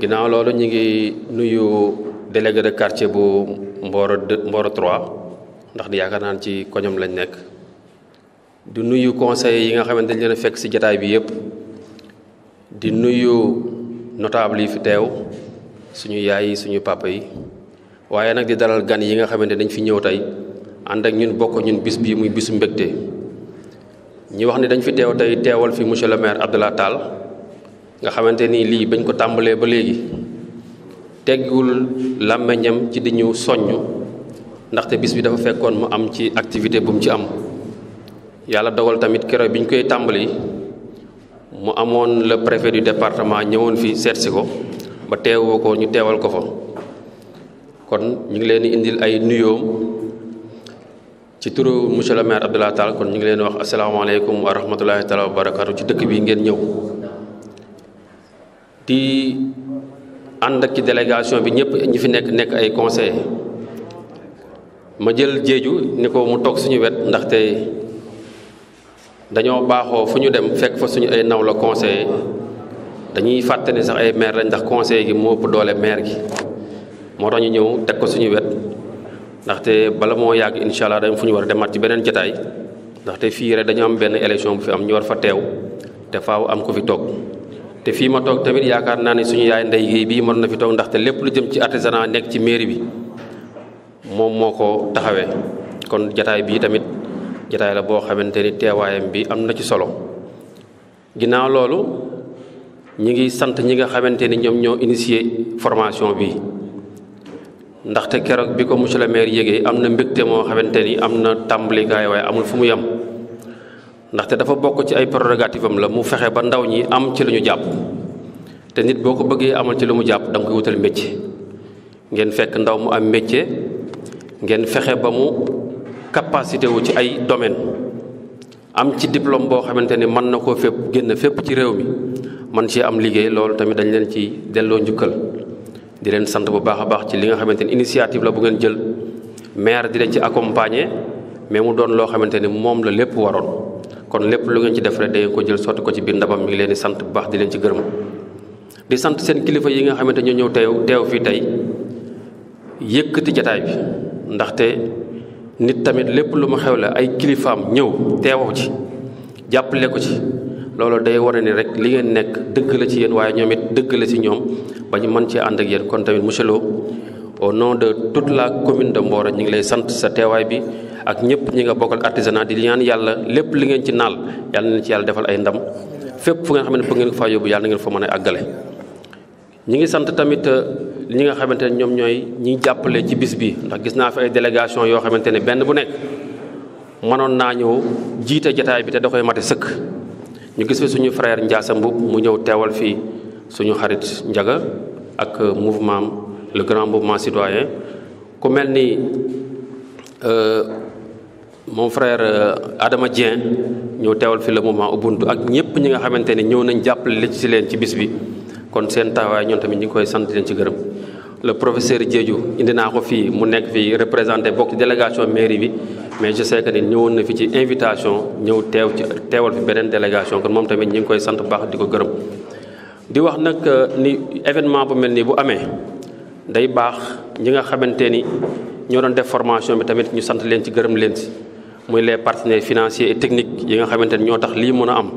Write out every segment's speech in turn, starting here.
ginaaw loolu ñi ngi nuyu délégué de quartier bu mboro mboro 3 ndax di yaakaar naan ci koñam lañ nekk di nuyu conseil yi nga xamante leen fekk si jataay bi yépp di nuyu notable yi fi teew suñu yaay yi suñu papa yi waaye nag di dalal gan yi nga xamante dañ fi ñëw tey ànd ak ñun bokk ñun bis bii muy bisu mbégte ñi wax ni dañ fi teew tey teewal fi monsieur le maire abdallah tall nga xamante ni lii bañ ko tàmbalee ba léegi teggul làmmeñam ci di ñu soññ ndaxte bis bi dafa fekkoon mu am ci activité bu mu ci am yàlla dogal tamit keroog biñ koy tàmbali mu amoon le préfet du département ñëwoon fi seet si ko ba teewoo ko ñu teewal ko fa kon ñu ngi leen indil ay nuyoom ci turu monsieur le maire abdoulaye tall kon ñu ngi leen wax asalaamaaleykum wa rahmatullahi taala wa barakatu ci dëkk bi ngeen ñëw ti ànd ak ci délégation bi ñëpp ñi fi nekk nekk ay conseil ma jël jéeju ni ko mu toog suñu wet ndaxte dañoo baaxoo fu ñu dem fekk fa suñu ay naw la conseil dañuy fàtte ne sax ay maire lañ ndax conseil gi moo ëpp doole maire gi moo tax ñu ñëw teg ko suñu wet ndaxte bala moo yàgg incha allah dañ fu ñu war a demaat ci beneen jotaay ndaxte fii rek dañu am benn élection bu fi am ñu war fa teew te faaw am ko fi toog te fii ma toog tamit yaakaar naa ne suñu yaay ndey géey bii mën na fi toog ndaxte lépp lu jëm ci artisanat nekk ci mairie bi moom moo ko taxawee kon jataay bii tamit jataay la boo xamante ni teewaayam bi am na ci solo ginnaaw loolu ñi ngi sant ñi nga xamante ni ñoom ñoo initié formation bi ndaxte keroog bi ko monsieur le maire yégee am na mbégte moo xamante ni am na tàmbalikaay waaye amul fu mu yem ndaxte dafa bokk ci ay prérogative am la mu fexe ba ndaw ñi am ci lu ñu jàpp te nit boo ko bëggee amal ci lu mu jàpp da nga koy wutal métier ngeen fekk ndaw mu am métier ngeen fexe ba mu capacité wu ci ay domaine am ci diplôme boo xamante ni mën na koo fépp génn fépp ci réew mi man ci am liggéey loolu tamit dañ leen ci delloo njukkal di leen sant bu baax a baax ci li nga xamante ni initiative la bu ngeen jël maire di leen ci accompagner mais mu doon loo xamante ni moom la lépp waroon kon lépp lu ngeen ci def rek ko jël sotti ko ci biir ndabam mi ngi leen sant bu baax di leen ci gërëm di sant seen kilifa yi nga xamante ñoo ñëw teew teew fii tey yëkkati jataay bi ndaxte nit tamit lépp lu ma xew la ay kilifaam ñëw teewaw ci jàppale ko ci loolu day war a ni rek li ngeen nekk dëgg la ci yéen waaye ñoom it dëgg la ci ñoom ba ñu mën cee ànd ak yéen kon tamit monsieur Lo au nom de toute la commune de Mboro ñu ngi lay sant sa teewaay bi ak ñëpp ñi nga bokkal artisanat di ñaan yàlla lépp li ngeen ci naal yàlla na ci yàlla defal ay ndam fépp fu nga xam ne bëgg ngeen faa yóbbu yàlla na ngeen fa mën a àggale ñi ngi sant tamit euh, ñi nga xamante ne ñoom ñooy ñi jàppale ci bis bi ndax gis naa fi ay délégation yoo xamante ne benn bu nekk mënoon naa ñëw jiite jataay bi te da koy mate sëkk ñu gis fi suñu frère Ndiassa Mboup mu ñëw teewal fi suñu xarit Njaga ak euh, mouvement le grand mouvement citoyen ku mel ni euh, mon frère euh, Adama Dieng ñëw teewal fi le moment Ubuntu ak ñëpp ñi nga xamante ni ñëw nañ jàppale li ci leen ci bis bi kon seen taxawaay ñoom tamit ñu ngi koy sant leen ci gërëm le professeur Diédiou indi naa ko fii mu nekk fii représenté bokk délégation mairie bi mais je sais na fi ci invitation ñëw teew ci teewal fi délégation kon moom tamit ñu ngi koy sant bu baax di ko gërëm di wax nag euh, ni événement bu mel nii bu amee day baax ñi nga xamante ni ñoo doon def formation bi tamit ñu sant leen ci gërëm leen si muy les partenaires financiers et techniques yi nga xamante ni ñoo tax lii mën a am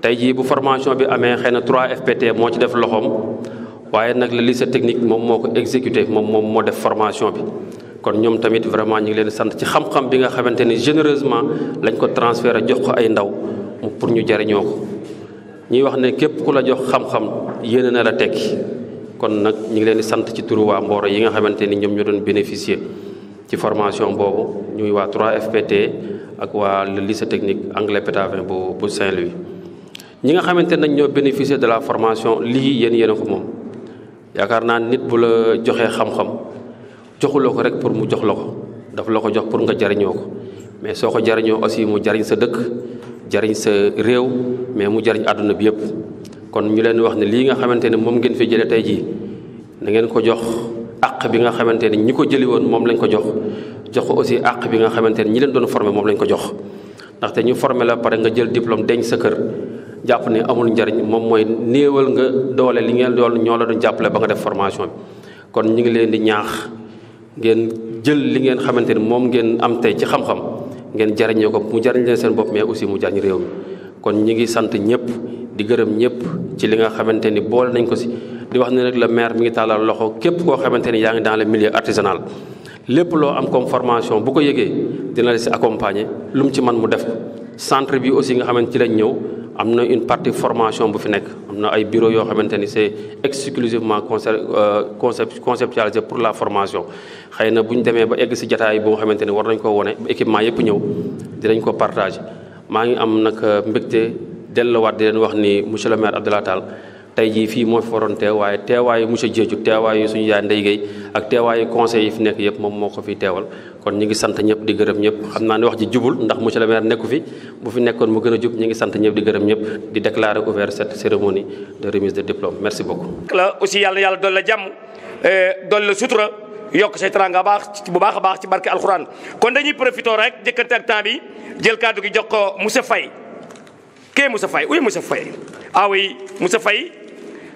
tey jii bu formation bi amee xëy na 3FPT moo ci def loxoom waaye nag le lycée technique moom moo ko exécuté moom moom moo def formation bi kon ñoom tamit vraiment ñu ngi leen sant ci xam-xam bi nga xamante ni généreusement lañ ko transféré jox ko ay ndaw pour ñu jariñoo ko ñuy wax ne képp ku la jox xam-xam yéene na la tekki kon nag ñu ngi leen di sant ci turu waa Mboro yi nga xamante ni ñoom ñoo doon bénéficier ci formation boobu ñuy waa 3FPT ak waa le sa technique anglais Pétavin bu bu Saint-Louis ñi nga xamante nañ ñoo bénéficier de la formation lii yéen yéen ko moom yaakaar naa nit bu la joxee xam-xam joxuloo ko rek pour mu jox la ko daf la ko jox pour nga jariñoo ko mais soo ko jariñoo aussi mu jariñ sa dëkk jariñ sa réew mais mu jariñ àdduna bi yëpp kon ñu leen wax ne lii nga xamante ne moom ngeen fi jëlee tey jii na ngeen ko jox àq bi nga xamante ni ñi ko jëli woon moom lañ ko jox jox ko aussi àq bi nga xamante ni ñi leen doon formé moom lañ ko jox ndaxte ñu formé la pare nga jël diplôme deñ sa kër jàpp ni amul njariñ moom mooy néewal nga doole li ngeen doon ñoo la doon jàppale ba nga def formation bi kon ñu ngi leen di ñaax ngeen jël li ngeen xamante ni moom ngeen am tey ci xam-xam ngeen jariñoo ko mu jariñ leen seen bopp mais aussi mu jariñ réew mi kon ñu ngi sant ñëpp di gërëm ñëpp ci li nga xamante ni boole nañ ko si di wax ne rek le maire mi ngi tàllal loxo képp koo xamante ni yaa ngi dans le milieu artisanal lépp loo am comme formation bu ko yëgee dina la si accompagner lu mu ci man mu def centre bi aussi nga xamante ci lañ ñëw am na une partie formation bu fi nekk am na ay bureau yoo xamante ni c'est exclusivement euh, concept conceptualisé pour la formation xëy na bu ñu demee ba egg si jataay boo nga xamante ni war nañ ko wone ba équipement yëpp ñëw dinañ ko partage maa ngi am nag euh, mbégte delluwaat di leen wax ni monsieur le maire Abdoulaye Tall tey jii fii mooy foroon teewaaye teewaayu monsieur Diédiou teewaayu suñu yaay Ndeye gay. ak teewaayu conseil yi fi nekk yëpp moom moo ko fi teewal kon ñi ngi sant ñëpp di gërëm ñëpp xam naa ne wax ji jubul ndax monsieur le maire nekku fi bu fi nekkoon mu gën a ñi ngi sant ñëpp di gërëm ñëpp di déclarer ouvert cette cérémonie de remise de diplôme merci beaucoup la aussi yàlla yàlla dool la jàmm euh, dool la sutura yokk say teranga baax bu baax a baax ci barke alxuraan kon dañuy profité rek jëkkante ak temps bi jël kàddu gi jox ko monsieur Faye kee monsieur Faye oui monsieur Faye ah oui monsieur Faye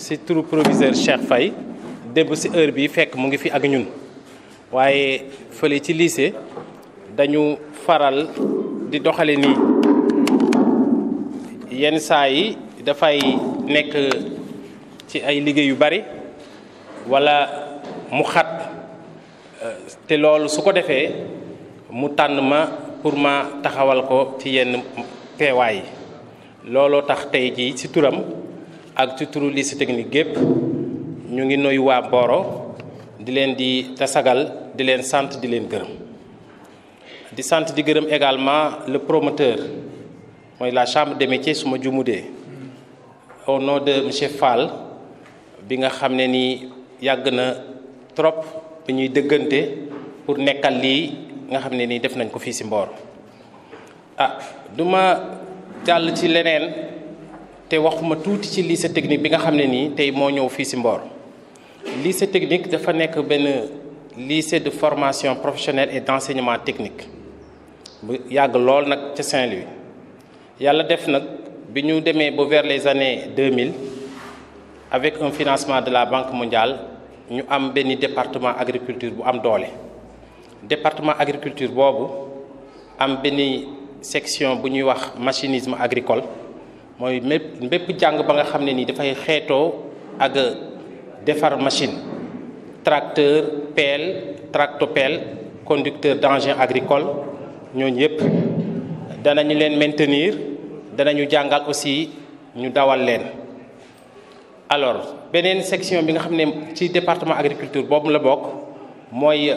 si turu proviseur Cheikh erbi démb si heure bi fekk mu ngi fi ak ñun waaye fële ci lycée dañu faral di doxale nii yenn saa yi dafay nekk ci ay liggéey yu bari wala mu xat te loolu su ko defee mu tànn ma pour ma taxawal ko ci yenn tax ci turam ak ci turu liste technique gépp ñu ngi nuyu waa di leen di tasagal di leen sant di leen gërëm di sant di gërëm également le promoteur mooy la chambre des métiers su ma jumudee au nom de monsieur Fall bi nga xam ne ni yàgg na trop bi ñuy dëggante pour nekkal lii nga xam ne nii def nañ ko fii si Mboro ah duma jàll ci leneen té waxuma tuuti ci lycée technique bi nga xamné ni nii mo ñëw Le lycée technique est un lycée de formation professionnelle et d'enseignement technique bu yag lool nak ci Saint-Louis yalla def nak bi vers les années 2000 avec un financement de la Banque mondiale ñu am benn département agriculture bu département agriculture bobu am section bu ñuy machinisme agricole mooy mépp mbépp jàng ba nga xam ne ni dafay xeetoo ak defar machine tracteur pelle tractopel conducteur d'engin agricole ñooñu yëpp danañu leen maintenir danañu jàngal aussi ñu dawal leen alors beneen section bi nga xam ne ci département agriculture boobu la bokk mooy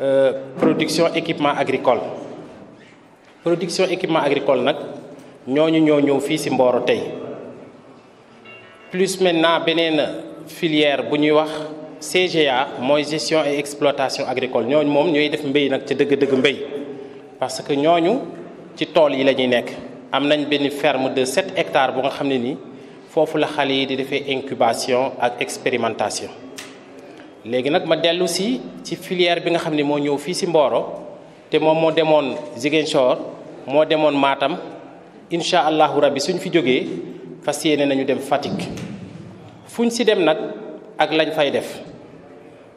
euh, production équipement agricole production équipement agricole nag ñooñu ñoo ñëw fii ci Mboro tey plus maintenant beneen filière bu ñuy wax CGA mooy gestion et exploitation agricole ñooñu moom ñooy def mbéy nag ci dëgg-dëgg mbéy parce que ñooñu ci tool yi la ñuy nekk am nañ benn ferme de 7 hectares bu nga xam ne nii foofu la xale yi di defee incubation ak expérimentation léegi nag ma dellu si ci filière bi nga xam ne moo ñëw fii ci Mboro te moom moo demoon Ziguinchor moo demoon Matam incha allahu rabbi suñ fi jógee fas yéene nañu dem Fatick fuñ si dem nag ak lañ fay def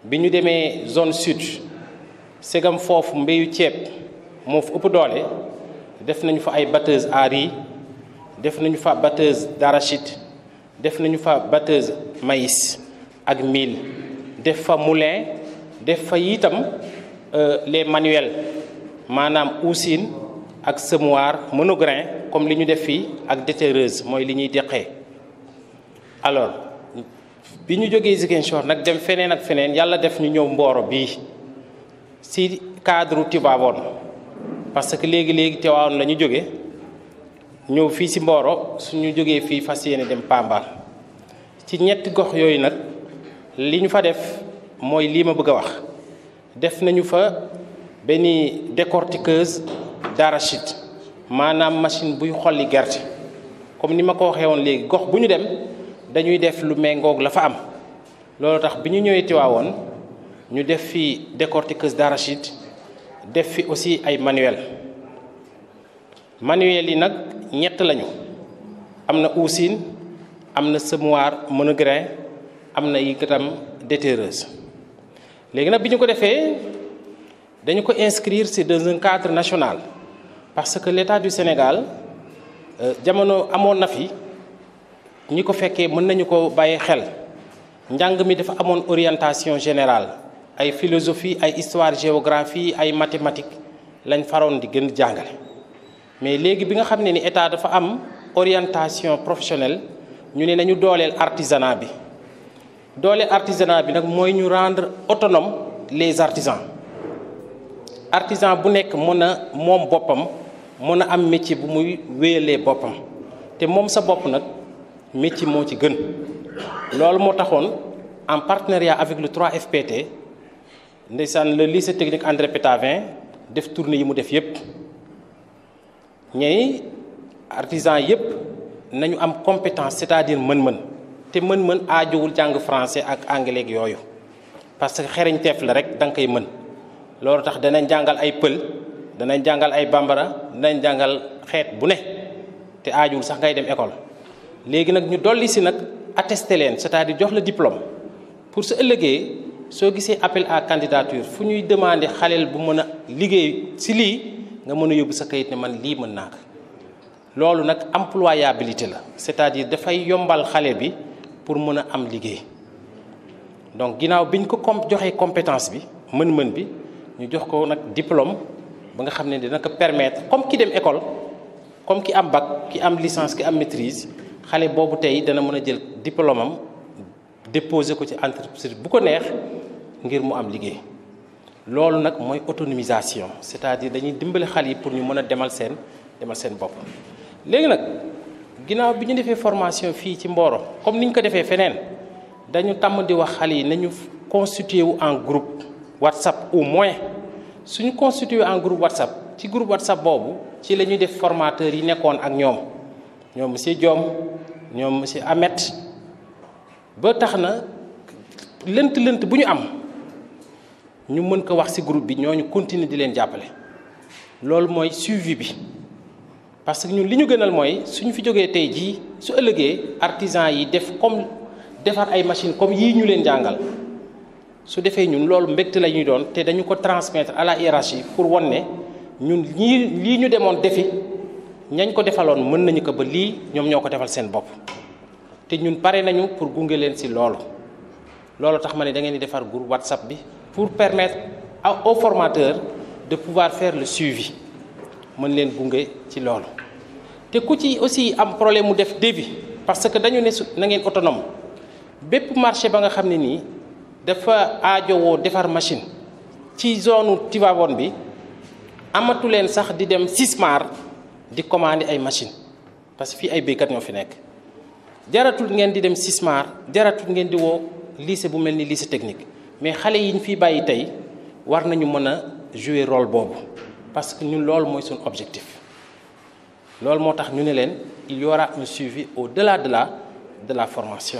bi ñu demee zone sud segam foofu mbéyu ceeb moo fu ëpp doole def nañu fa ay batteuse à def nañu fa batteuse d'arachide def nañu fa batteuse maïs ak mil def fa moulin def fa itam euh, les manuels maanaam usine ak semoir monograin comme li ñu def fii ak déterreuse mooy li ñuy deqee alors bi ñu jógee Ziguinchor nag dem feneen ak feneen yàlla def ñu ñëw Mboro bii si cadre Tivaouane parce que léegi léegi Tivaouane la ñu jóge ñëw fii si su ñu jógee fii fas yéene dem Pambal ci ñetti gox yooyu nag li ñu fa def mooy lii ma bëgg a wax def nañu fa benn décortiqueuse d'arachide maanaam machine buy xolli gerte comme ni ma ko waxee woon léegi gox bu ñu dem dañuy def lu méngoog la fa am loolu tax bi ñu ñëwee Tiwaawoon ñu def fi décortiqueuse d'arachide def fi aussi ay manuel manuel yi nag ñett lañu am na usine am na semoir monograin am na itam déterreuse léegi nag bi ñu ko defee dañu ko inscrire c'est dans un cadre national parce que l'État du Sénégal euh, jamono amon na fi ñiko ko fekkee mën nañu ko baye xel J'angmi mi dafa amone orientation générale ay philosophie ay histoire géographie ay mathématiques lañ faroon di gën jàngale mais légui bi nga xamné ni état dafa am orientation professionnelle ñu ne nañu dolel artisanat bi dooleel artisanat bi nag moy ñu rendre autonome les artisans artisan bu nek mëna mom bopam mën a am métier bu muy wéyalee boppam te moom sa bopp nag métier moo ci gën loolu moo taxoon en partenariat avec le 3FPT ndeysaan le lycée technique André Pétavin def tournée yi mu def yépp ñay artisan yépp nañu am compétence c'est-à-dire mën-mën te mën-mën aajowul jàng français ak anglais ak yooyu parce que xereñteef la rek da nga koy mën loolu tax danañ jàngal ay pël danañ jàngal ay bambara danañ jàngal xeet bu ne te aajuwul sax ngay dem école léegi nag ñu dolli si nag attesté leen c'est-à-dire jox la diplôme pour su ëllëgee soo gisee appel à candidature fu ñuy demandé xaleel bu mën a liggéey si lii nga mën a yóbbu sa kayit ne man lii mën naa ko loolu nag employabilité la c'est-à-dire dafay yombal xale bi pour mën a am liggéey donc ginnaaw biñ ko com joxee compétence bi mën-mën bi ñu jox ko nag diplôme ba nga xam ne dina ko permettre comme ki dem école comme ki am bac ki am licence ki am maîtrise xale boobu tey dana mën a jël diplôme am déposer ko ci entreprise bu ko neex ngir mu am liggéey loolu nag mooy autonomisation c'est-à-dire dañuy dimbali xale yi pour ñu mën a demal seen demal seen bopp léegi nag ginnaaw bi ñu defee formation fii ci Mboro comme niñ ko defee feneen dañu tàmm di wax xale yi nañu constitué wu en groupe WhatsApp au moins suñu constitué en groupe whatsapp ci groupe whatsapp boobu ci la ñuy def formateurs yi nekkoon ak ñoom ñoom monsieur Diom ñoom monsieur Amet ba tax na lënt-lënt bu ñu am ñu mën ko wax ci groupe bi ñooñu continuer di leen jàppale loolu mooy suivi bi parce que ñun li ñu gënal mooy su ñu fi jógee tey jii su ëllëgee artisan yi def comme defar ay machine comme yii ñu leen jàngal su defee ñun loolu mbégte la ñuy doon te dañu ko transmettre à la hiérarchie pour wan ne ñun ñii lii ñu demoon defi ñañ ko defaloon mën nañu ko ba lii ñoom ñoo ko defal seen bopp te ñun pare nañu pour gunge leen si loolu loolu tax ma ne da ngeen di defar groupe WhatsApp bi pour permettre aux formateurs de pouvoir faire le suivi mën leen gunge ci loolu te ku ci aussi am problème mu def débit parce que dañu ne na ngeen autonome bépp marché ba nga xam ne nii dafa aajowoo defar machine ci zone Tivaouane bi amatu leen sax di dem Sismar di commander ay machine parce que fii ay béykat ñoo fi nekk jaratul ngeen di dem Sismar jaratul ngeen di woo lycée bu mel ni lycée technique mais xale yi ñu fiy bàyyi tey war nañu mën a jouer rôle boobu parce que ñun loolu mooy suñu objectif loolu moo tax ñu ne leen il y aura un suivi au-delà de la de la formation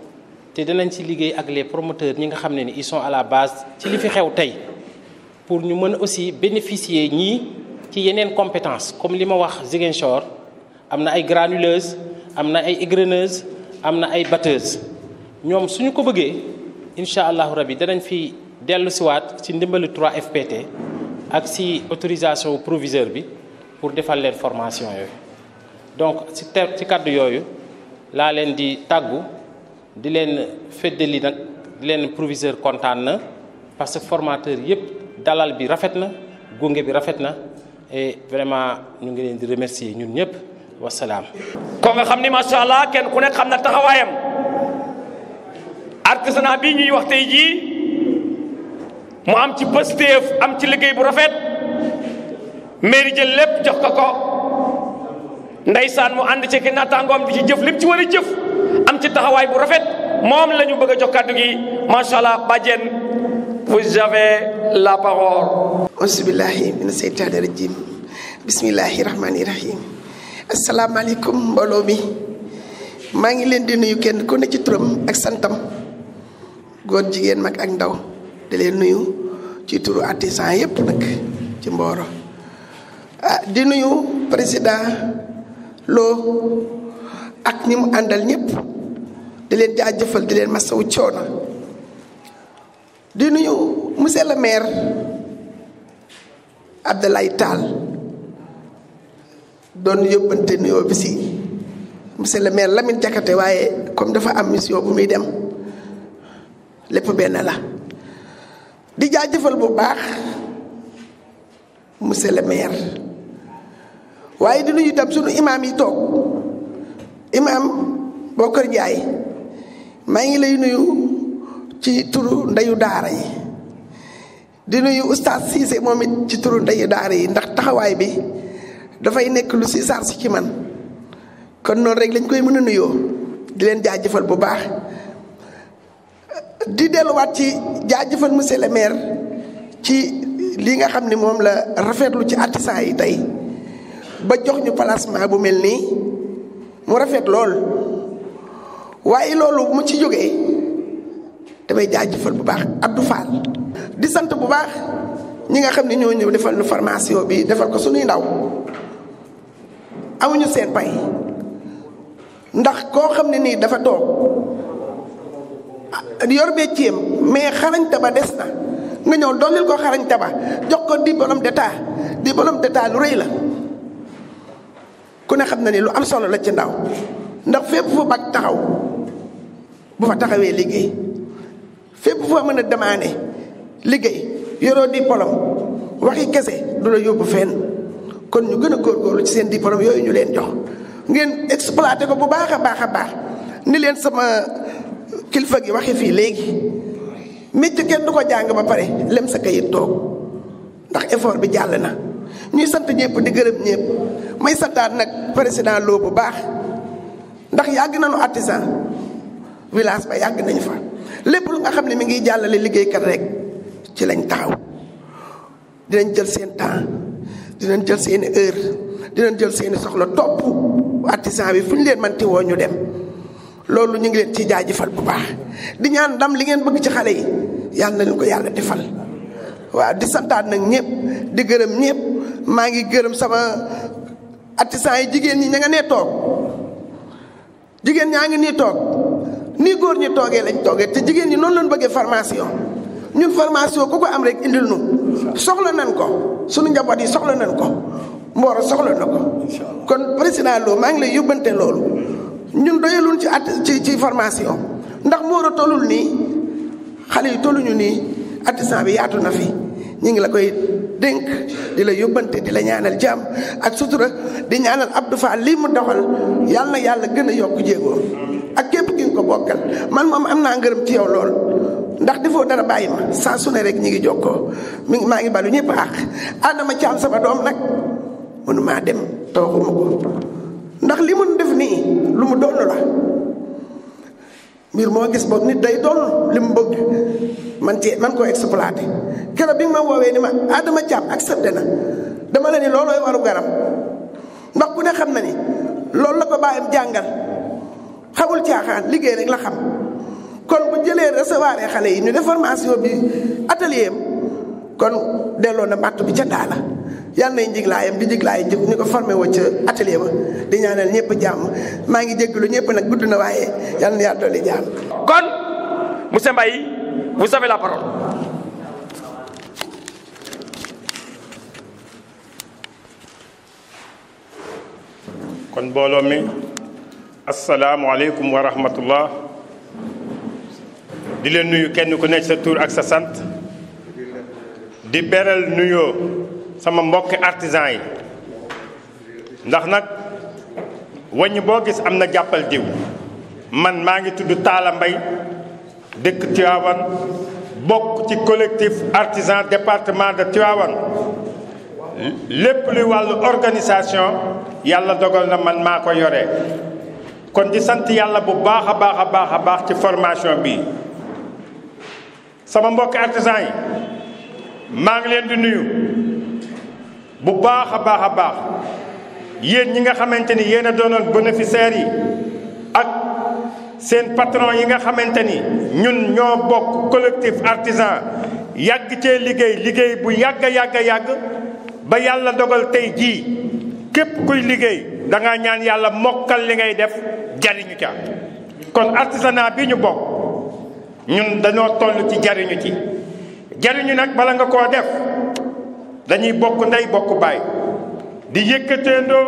té ci liggéey ak les promoteurs sont à la base ci li fi pour nous aussi bénéficier ñi ci yenen compétences comme lima wax Ziguinchor amna ay granuleuses ay égreneuses... ay suñu ko 3 FPT ak autorisation proviseur pour defal l'information. formation donc ci ci nous yoyu la di leen feddali nag di leen proviseur kontaan na parce que formateur yëpp dalal bi rafet na gunge bi rafet na et vraiment ñu ngi leen di remercier ñun ñëpp wasalaam. ko nga xam ni macha allah kenn ku nekk xam na taxawaayam artisanat bi ñuy wax tey jii mu am ci pëstéef am ci liggéey bu rafet mairie jël lépp jox ko ko ndeysaan mu ànd ci ki naataangoom di ci jëf lépp ci war a jëf. ci taxawaay bu rafet moom la ñu bëgg a jox kàddu gi macha allah bàjjen vous avez la parole. auzu billahi mina seytaani rajim bismillahi rahmaani rahim asalaamaaleykum mbooloo mi maa ngi leen di nuyu kenn ku ne ci turam ak santam góor jigéen mag ak ndaw di leen nuyu ci turu artisan yépp nag ci Mboro ah di nuyu président Lo ak ñi mu àndal di leen jëfal di leen masawu coono di nuyu monsieur le maire Abdoulaye taal doon yóbbante nuyoo bi si monsieur le maire Lamine Diakhaté waaye comme dafa am mission bu muy dem lépp benn la di jaajëfal bu baax monsieur le maire waaye di ñu itam sunu imaam yi toog imaam Bokar Ndiaye maa ngi lay nuyu ci turu ndeyu daara yi di nuyu oustaz Cissé moom it ci turu ndeyu daara yi ndax taxawaay bi dafay nekk lu si sar si ci man kon noonu rek lañ koy mën a nuyoo di leen jaajëfal bu baax di delluwaat ci jaajëfal monsieur le maire ci li nga xam ni moom la rafetlu ci artisan yi tey ba jox ñu placement bu mel nii mu rafet lool. waaye loolu bu ma ci jógee damay jaajëfal bu baax Abdou Fall di sant bu baax ñi nga xam ne ñoo ñëw defal nu formation bi defal ko suñuy ndaw amuñu seen pay ndax koo xam ne nii dafa toog yor bee céem mais xarañta ba des na nga ñëw dollil ko xarañta ba jox ko diplôme d'état diplôme d'état lu rëy la ku ne xam na ni lu am solo la ci ndaw ndax febu fu bak taxaw bu fa taxawee liggéey fépp fu fa mën a demandé liggéey yoroo diplôme waxi kese du la yóbbu fenn kon ñu gën a góorgóorlu ci seen diplôme yooyu ñu leen jox ngeen exploité ko bu baax a baax a ni leen sama kilifa gi waxe fii léegi métier kenn du ko ba pare lem sa kayit toog ndax effort bi jàll na ñuy sant ñëpp di gërëm ñëpp may santaat nag président lo bu baax ndax yàgg nañu artisan village ba yàgg nañ fa lépp lu nga xam ne mi ngi jàllale di rek ci lañ taxaw dinañ jël seen temps dinañ jël seeni heure dinañ jël seeni soxla topp artisan bi fu ñu leen manti woo ñu dem loolu ñu ngi leen ci jaajëfal bu baax di ñaan ndam li ngeen bëgg ci xale yi yàlla na ko yàlla defal waaw di santaat nag ñëpp di gërëm ñëpp maa ngi gërëm sama artisan yi jigéen ñi ña nga nee toog jigéen ñaa ngi nii toog nii góor ñi toogee lañ toogee te jigéen ñi noonu lañ bëggee formation ñun formation ku ko am rek indil nu soxla nañ ko suñu njaboot yi soxla nen ko Mboro soxla na ko kon président loo maa ngi lay yóbbante loolu ñun doyalul ci at ci ci formation ndax Mboro tollul nii xale yi tolluñu nii artisan bi yaatu na fi ñi ngi la koy dénk di la yóbbante di la ñaanal jàmm ak sutura di ñaanal Abdou Fall lii mu doxal yàlla na yàlla gën a yokku jéegoo ak képp ki ko bokkal man moom am naa ngërëm ci yow lool ndax defoo dara baay ma saa sune ne rek ñi ngi jokkoo mi ngi maa ngi balu ñëpp àq Adama Thiam sama doom nag mënu maa dem tooxuma ko ndax li mu def nii lu mu doon la mbir moo gis boog nit day doon li mu bëgg man ci man koo exploité keroog bi nga ma woowee ni ma Adama Thiam accepté na dama la ni loolooy waru garam ndax ku ne xam na ni loolu la ko bàyyam jàngal xamul caaxaan liggéey rek la xam kon bu jëlee recevoir xale yi ñu def formation bi atelier am kon delloo na matt bi ca daala yàlla nay njiglaayam di njiglaay jëf ñu ko formé woo atelier ba di ñaanal ñëpp jàmm maa ngi lu ñëpp nag gudd na waaye yàlla na yàlla dolli jàmm. kon kon mbooloo mi asalaamualeykum wa rahmatullah di leen nuyu kenn ku nekk sa tur ak sa sant di beral nuyoo. sama mbokki artisan yi ndax nak wagn bo gis amna jappal diw man ma ngi tudd tala mbay dëkk tiawan bok ci collectif artisan département de tiawan lepp li walu organisation yalla dogal na man maa ko yore kon di sant yalla bu baax a baax a baax ci formation bi sama mbokki artisan yi ma ngi len di nuyu bu baax a baax a baax yéen ñi nga xamante ni yéen a doonoon bénéficiaires yi ak seen patron yi nga xamante ni ñun ñoo bokk collectif artisan yàgg cee liggéey liggéey bu yàgg a yàgg yàgg ba yàlla dogal tey jii képp kuy liggéey danga ñaan yàlla mokkal li ngay def jariñu ca kon artisanat bi ñu bokk ñun dañoo toll ci jariñu ci jariñu nag bala nga koo def dañuy bokk ndey bokk baay di yëkkateendoo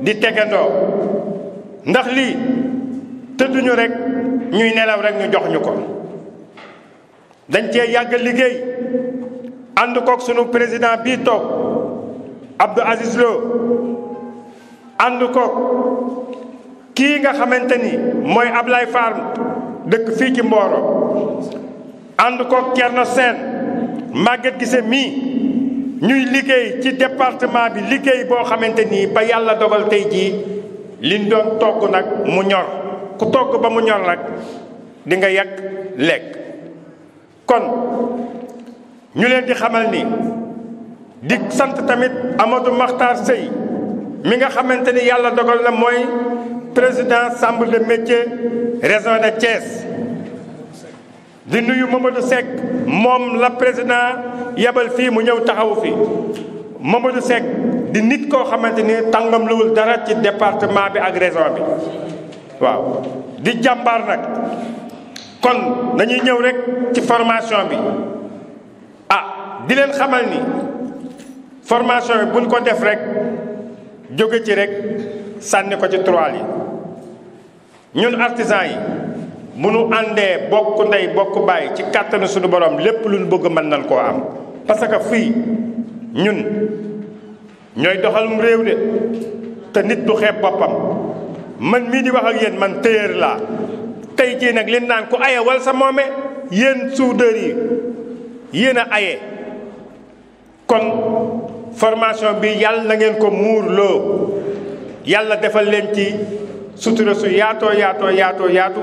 di tegandoo ndax lii tëdduñu rekk ñuy nelaw rek ñu jox ko dañ cee yàgg liggéey ànd kook sunu président bi toog Abdou Aziz Lo ànd kook kii nga xamante ni mooy Ablaye Farm dëkk fii ci Mboro ànd kook Thierno Sène Maguette mii ñuy liggéey ci département bi liggéey boo xamante ni ba yàlla dogal tey jii liñ doon togg nag mu ñor ku togg ba mu ñor nag di nga yàgg lekk kon ñu leen di xamal ni di sant tamit amatu Makhtar sëy mi nga xamante ni yàlla dogal na mooy président chambre de métier région de Thiès di nuyu Mamadou Seck moom la président yebal fii mu ñëw taxawu fi Mamadou Seck di nit koo xamante ni tàngam luwul dara ci département bi ak région bi waaw di jàmbaar nag kon dañuy ñëw rekk ci formation bi ah di leen xamal ni formation bi buñ ko def rek jóge ci rek sànni ko ci trois yi ñun artisan yi mu nu àndee bokk ndey bokk baay ci kàttanu sunu borom lépp lu ñu bëgg mën nañ koo am parce que fii ñun ñooy doxalum réew de te nit du xeeb boppam man mii di wax ak yéen man téyeer laa tey jii nag leen naan ku aye wal sa moome yéen soudeur yi yéen a aye kon formation bi yàlla na ngeen ko muur loo yàlla defal leen ci sutura su yaatoo yaatoo yaatoo yaatu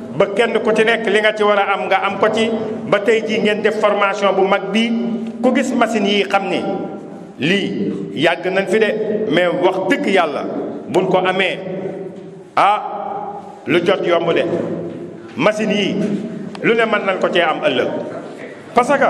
ba kenn ku ci nekk li nga ci war a am nga am ko ci ba tey jii ngeen def formation bu mag bii ku gis machine yi xam ni lii yàgg nañ fi de mais wax dëgg yàlla buñ ko amee ah lu jot yomb de machine yi lu ne mën nañ ko cee am ëllëg parce que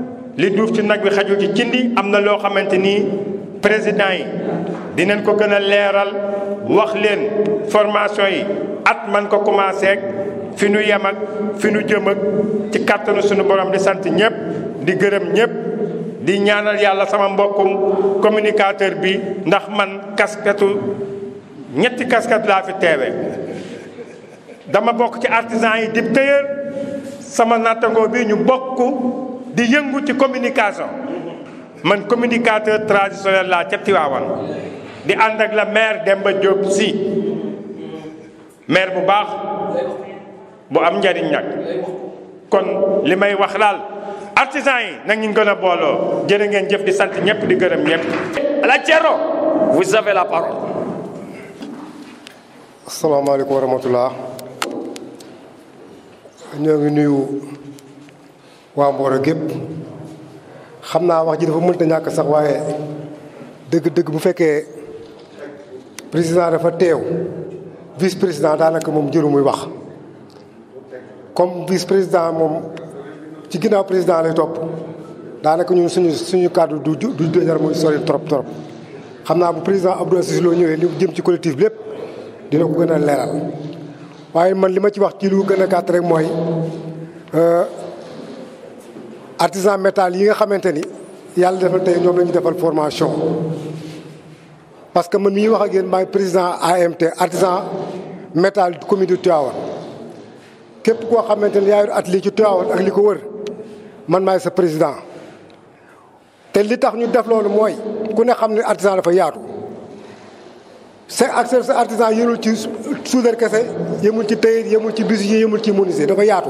li duuf ci nag wi xajul ci cindi am na loo xamante ni président yi dinañ ko gën a leeral wax leen formation yi at man ko commencé fi nu yem fi nu jëm ci kàttanu suñu borom di sant ñëpp di gërëm ñëpp di ñaanal yàlla sama mbokkum communicateur bi ndax man kasketu ñetti kasket laa fi teewe dama bokk ci artisan yi dib tëyër sama nattangoo bi ñu bokk di yëngu ci communication man communicateur traditionnel la ca Tiwaawan di ànd ak la maire Demba Diop si maire bu baax bu am njariñ nag kon li may wax daal artisan yi nag ñu gën a booloo jërë ngeen jëf di sant di vous avez la parole. asalaamaaleykum wa rahmatullah ñoo ngi waa Mboro gépp xam naa wax ji dafa mënta ñàkk sax waaye dëgg-dëgg bu fekkee président dafa teew vice président daanaka moom jëru muy wax comme vice président moom ci ginnaaw président lay topp daanaka ñun suñu suñu kàddu du du dëjar muy sori trop trop xam naa bu président Abdou Aziz Lo ñëwee li jëm ci collectif bi lépp dina ko gën a leeral waaye man li ma ci wax ci lu gën a gàtt rek mooy euh, artisan métal yi nga xamante ni yàlla defal tey ñoom la ñu defal formation parce que man mii wax ak yéen maay président AMT artisan métal commune de Tivaouane képp koo xamante ni yaa yor atelier ci Tivaouane ak li ko wër man maay sa président te li tax ñu def loolu mooy ku ne xam ne artisan dafa yaatu sa accès sa artisan yërul ci soudeur kese yëmul ci tailleur yëmul ci bijoutier yëmul ci menuisier dafa yaatu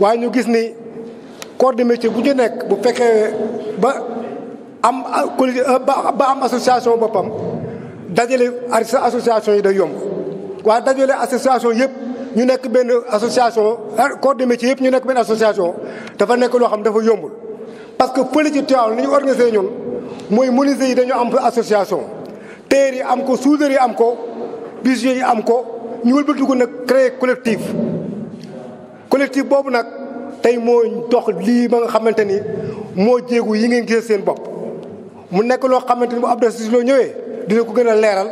waaye ñu gis ni corps de métier bu ñu nekk bu fekkee ba am euh, ba am association boppam dajale association yi day yomb waaye dajale association yëpp ñu nekk benn association corps de métier yëpp ñu nekk benn association dafa nekk loo xam dafa yombul. parce que fële ci Tivaouane li ñu organisé ñun mooy menuisier yi dañoo am association tailleur yi am ko soudeur yi am ko bijoutier yi am ko ñu ko nag créer collectif collectif boobu nag. tey moo dox lii ba nga xamante ni moo jéegu yi ngeen gisee seen bopp mu nekk loo xamante ni bu Abdou Aziz Lo ñëwee dina ko gën a leeral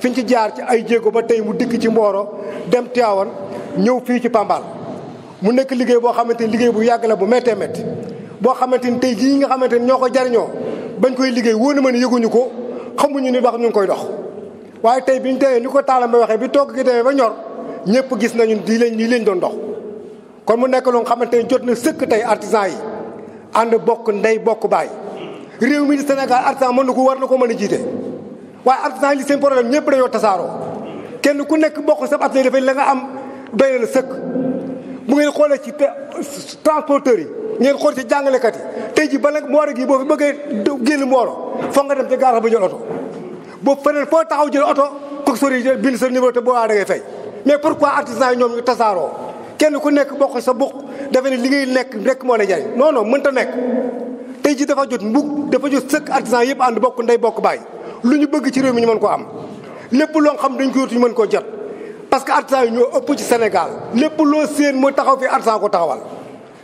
fi ñu ci jaar ci ay jéego ba tey mu dikk ci Mboro dem Tivaouane ñëw fii ci Pambal mu nekk liggéey boo xamante ni liggéey bu yàgg la bu méttee mett boo xamante ni tey jii nga xamante ni ñoo ko jariñoo bañ koy liggéey wóor na ma ne yëguñu ko xamuñu ni wax ñu ngi koy dox waaye tey ñu demee ni ko taalam ba waxee bi toog gi demee ba ñor ñëpp gis nañu di leen leen doon dox kon mu nekk loo nga xamante ne jot na sëkk tey artisan yi ànd bokk ndey bokk baay réew mi di Sénégal artisan mën na ko war na ko mën a jiite waaye artisan yi li seen problème ñëpp dañoo tasaaroo kenn ku nekk bokk sa atelier dafay la am doy na la sëkk mu ngeen xoolee ci transporteurs yi ngeen xool ci jàngalekat yi tey ji ba nag mooro gi boo fi bëggee génn mooro foog nga dem ci gaarax ba jël oto boo feneen foo taxaw jël oto kooku sori bind sa numéro te boo waa da ngay mais pour artisan yi ñoom ñu tasaaroo kenn ku nekk bokk sa buq defe ne li ngay nekk ndekk moo lay jaay non non mënta nekk tey ji dafa jot mbug dafa jot sëkk artisan yëpp ànd bokk ndey bokk baay lu ñu bëgg ci réew mi ñu mën koo am lépp loo xam dañ ko yotuñu mën koo jot parce que artisan yi ñoo ëpp ci Sénégal lépp loo séen mu taxaw fi artisan ko taxawal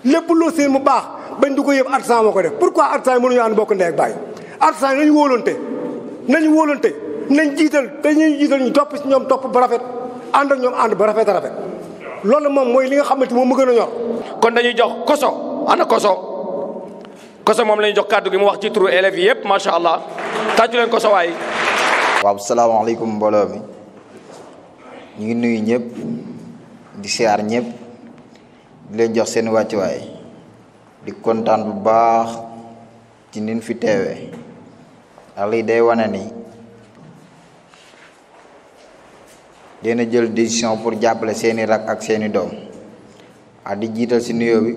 lépp loo séen mu baax bañ du ko yëpp artisan moo ko def pourquoi artisan yi mënuñu ànd bokk ndey ak baay artisan yi nañu wóolante nañu wóolante nañ jiital te ñuy jiital ñu topp ci ñoom topp ba rafet ànd ak ñoom ànd ba rafet a rafet loolu moom mooy li nga xamante moom mu gën a ñor kon dañuy jox koso ana koso koso moom jox kàddu gi mu wax ci turu élèves macha allah tàccu leen koso waay waaw salaamaaleykum mbooloo mi ñu ngi nuyu ñëpp di siyaar ñëpp di leen jox seen wàccuwaay di kontaan bu baax ci nin fi teewee day wane ni dina jël décision pour jàppale seeni rak ak seeni dom a di jiital si nuyoo bi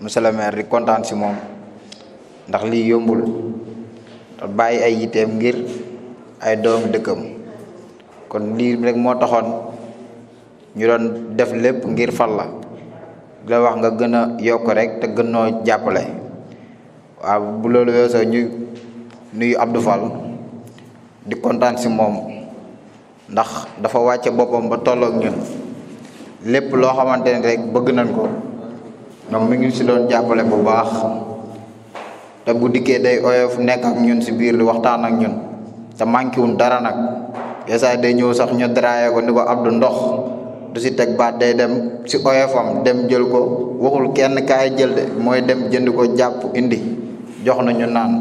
monsieur le maire di kontaan si moom ndax lii yombul te bàyyi ay yiteem ngir ay doomi dëkkam kon lii rek moo taxoon ñu doon def lépp ngir fal la la wax nga gën a yokk rek te gën noo jàppale waaw bu loolu weesoo ñu nuyu Abdou Fall di kontaan si mom ndax dafa wàcce boppam ba tolloog ñun lépp loo xamante ne rek bëgg nañ ko ñoom mi ngi si doon jàppale bu baax te bu dikkee day oyof nekk ak ñun si biir di waxtaan ak ñun te manqué wuñ dara nag yesaay day ñëw sax ñu draayee ko ni ko Abdou ndox du si teg baat day dem si oyofam dem jël ko waxul kenn kaay jël de mooy dem jënd ko jàpp indi jox na ñu naan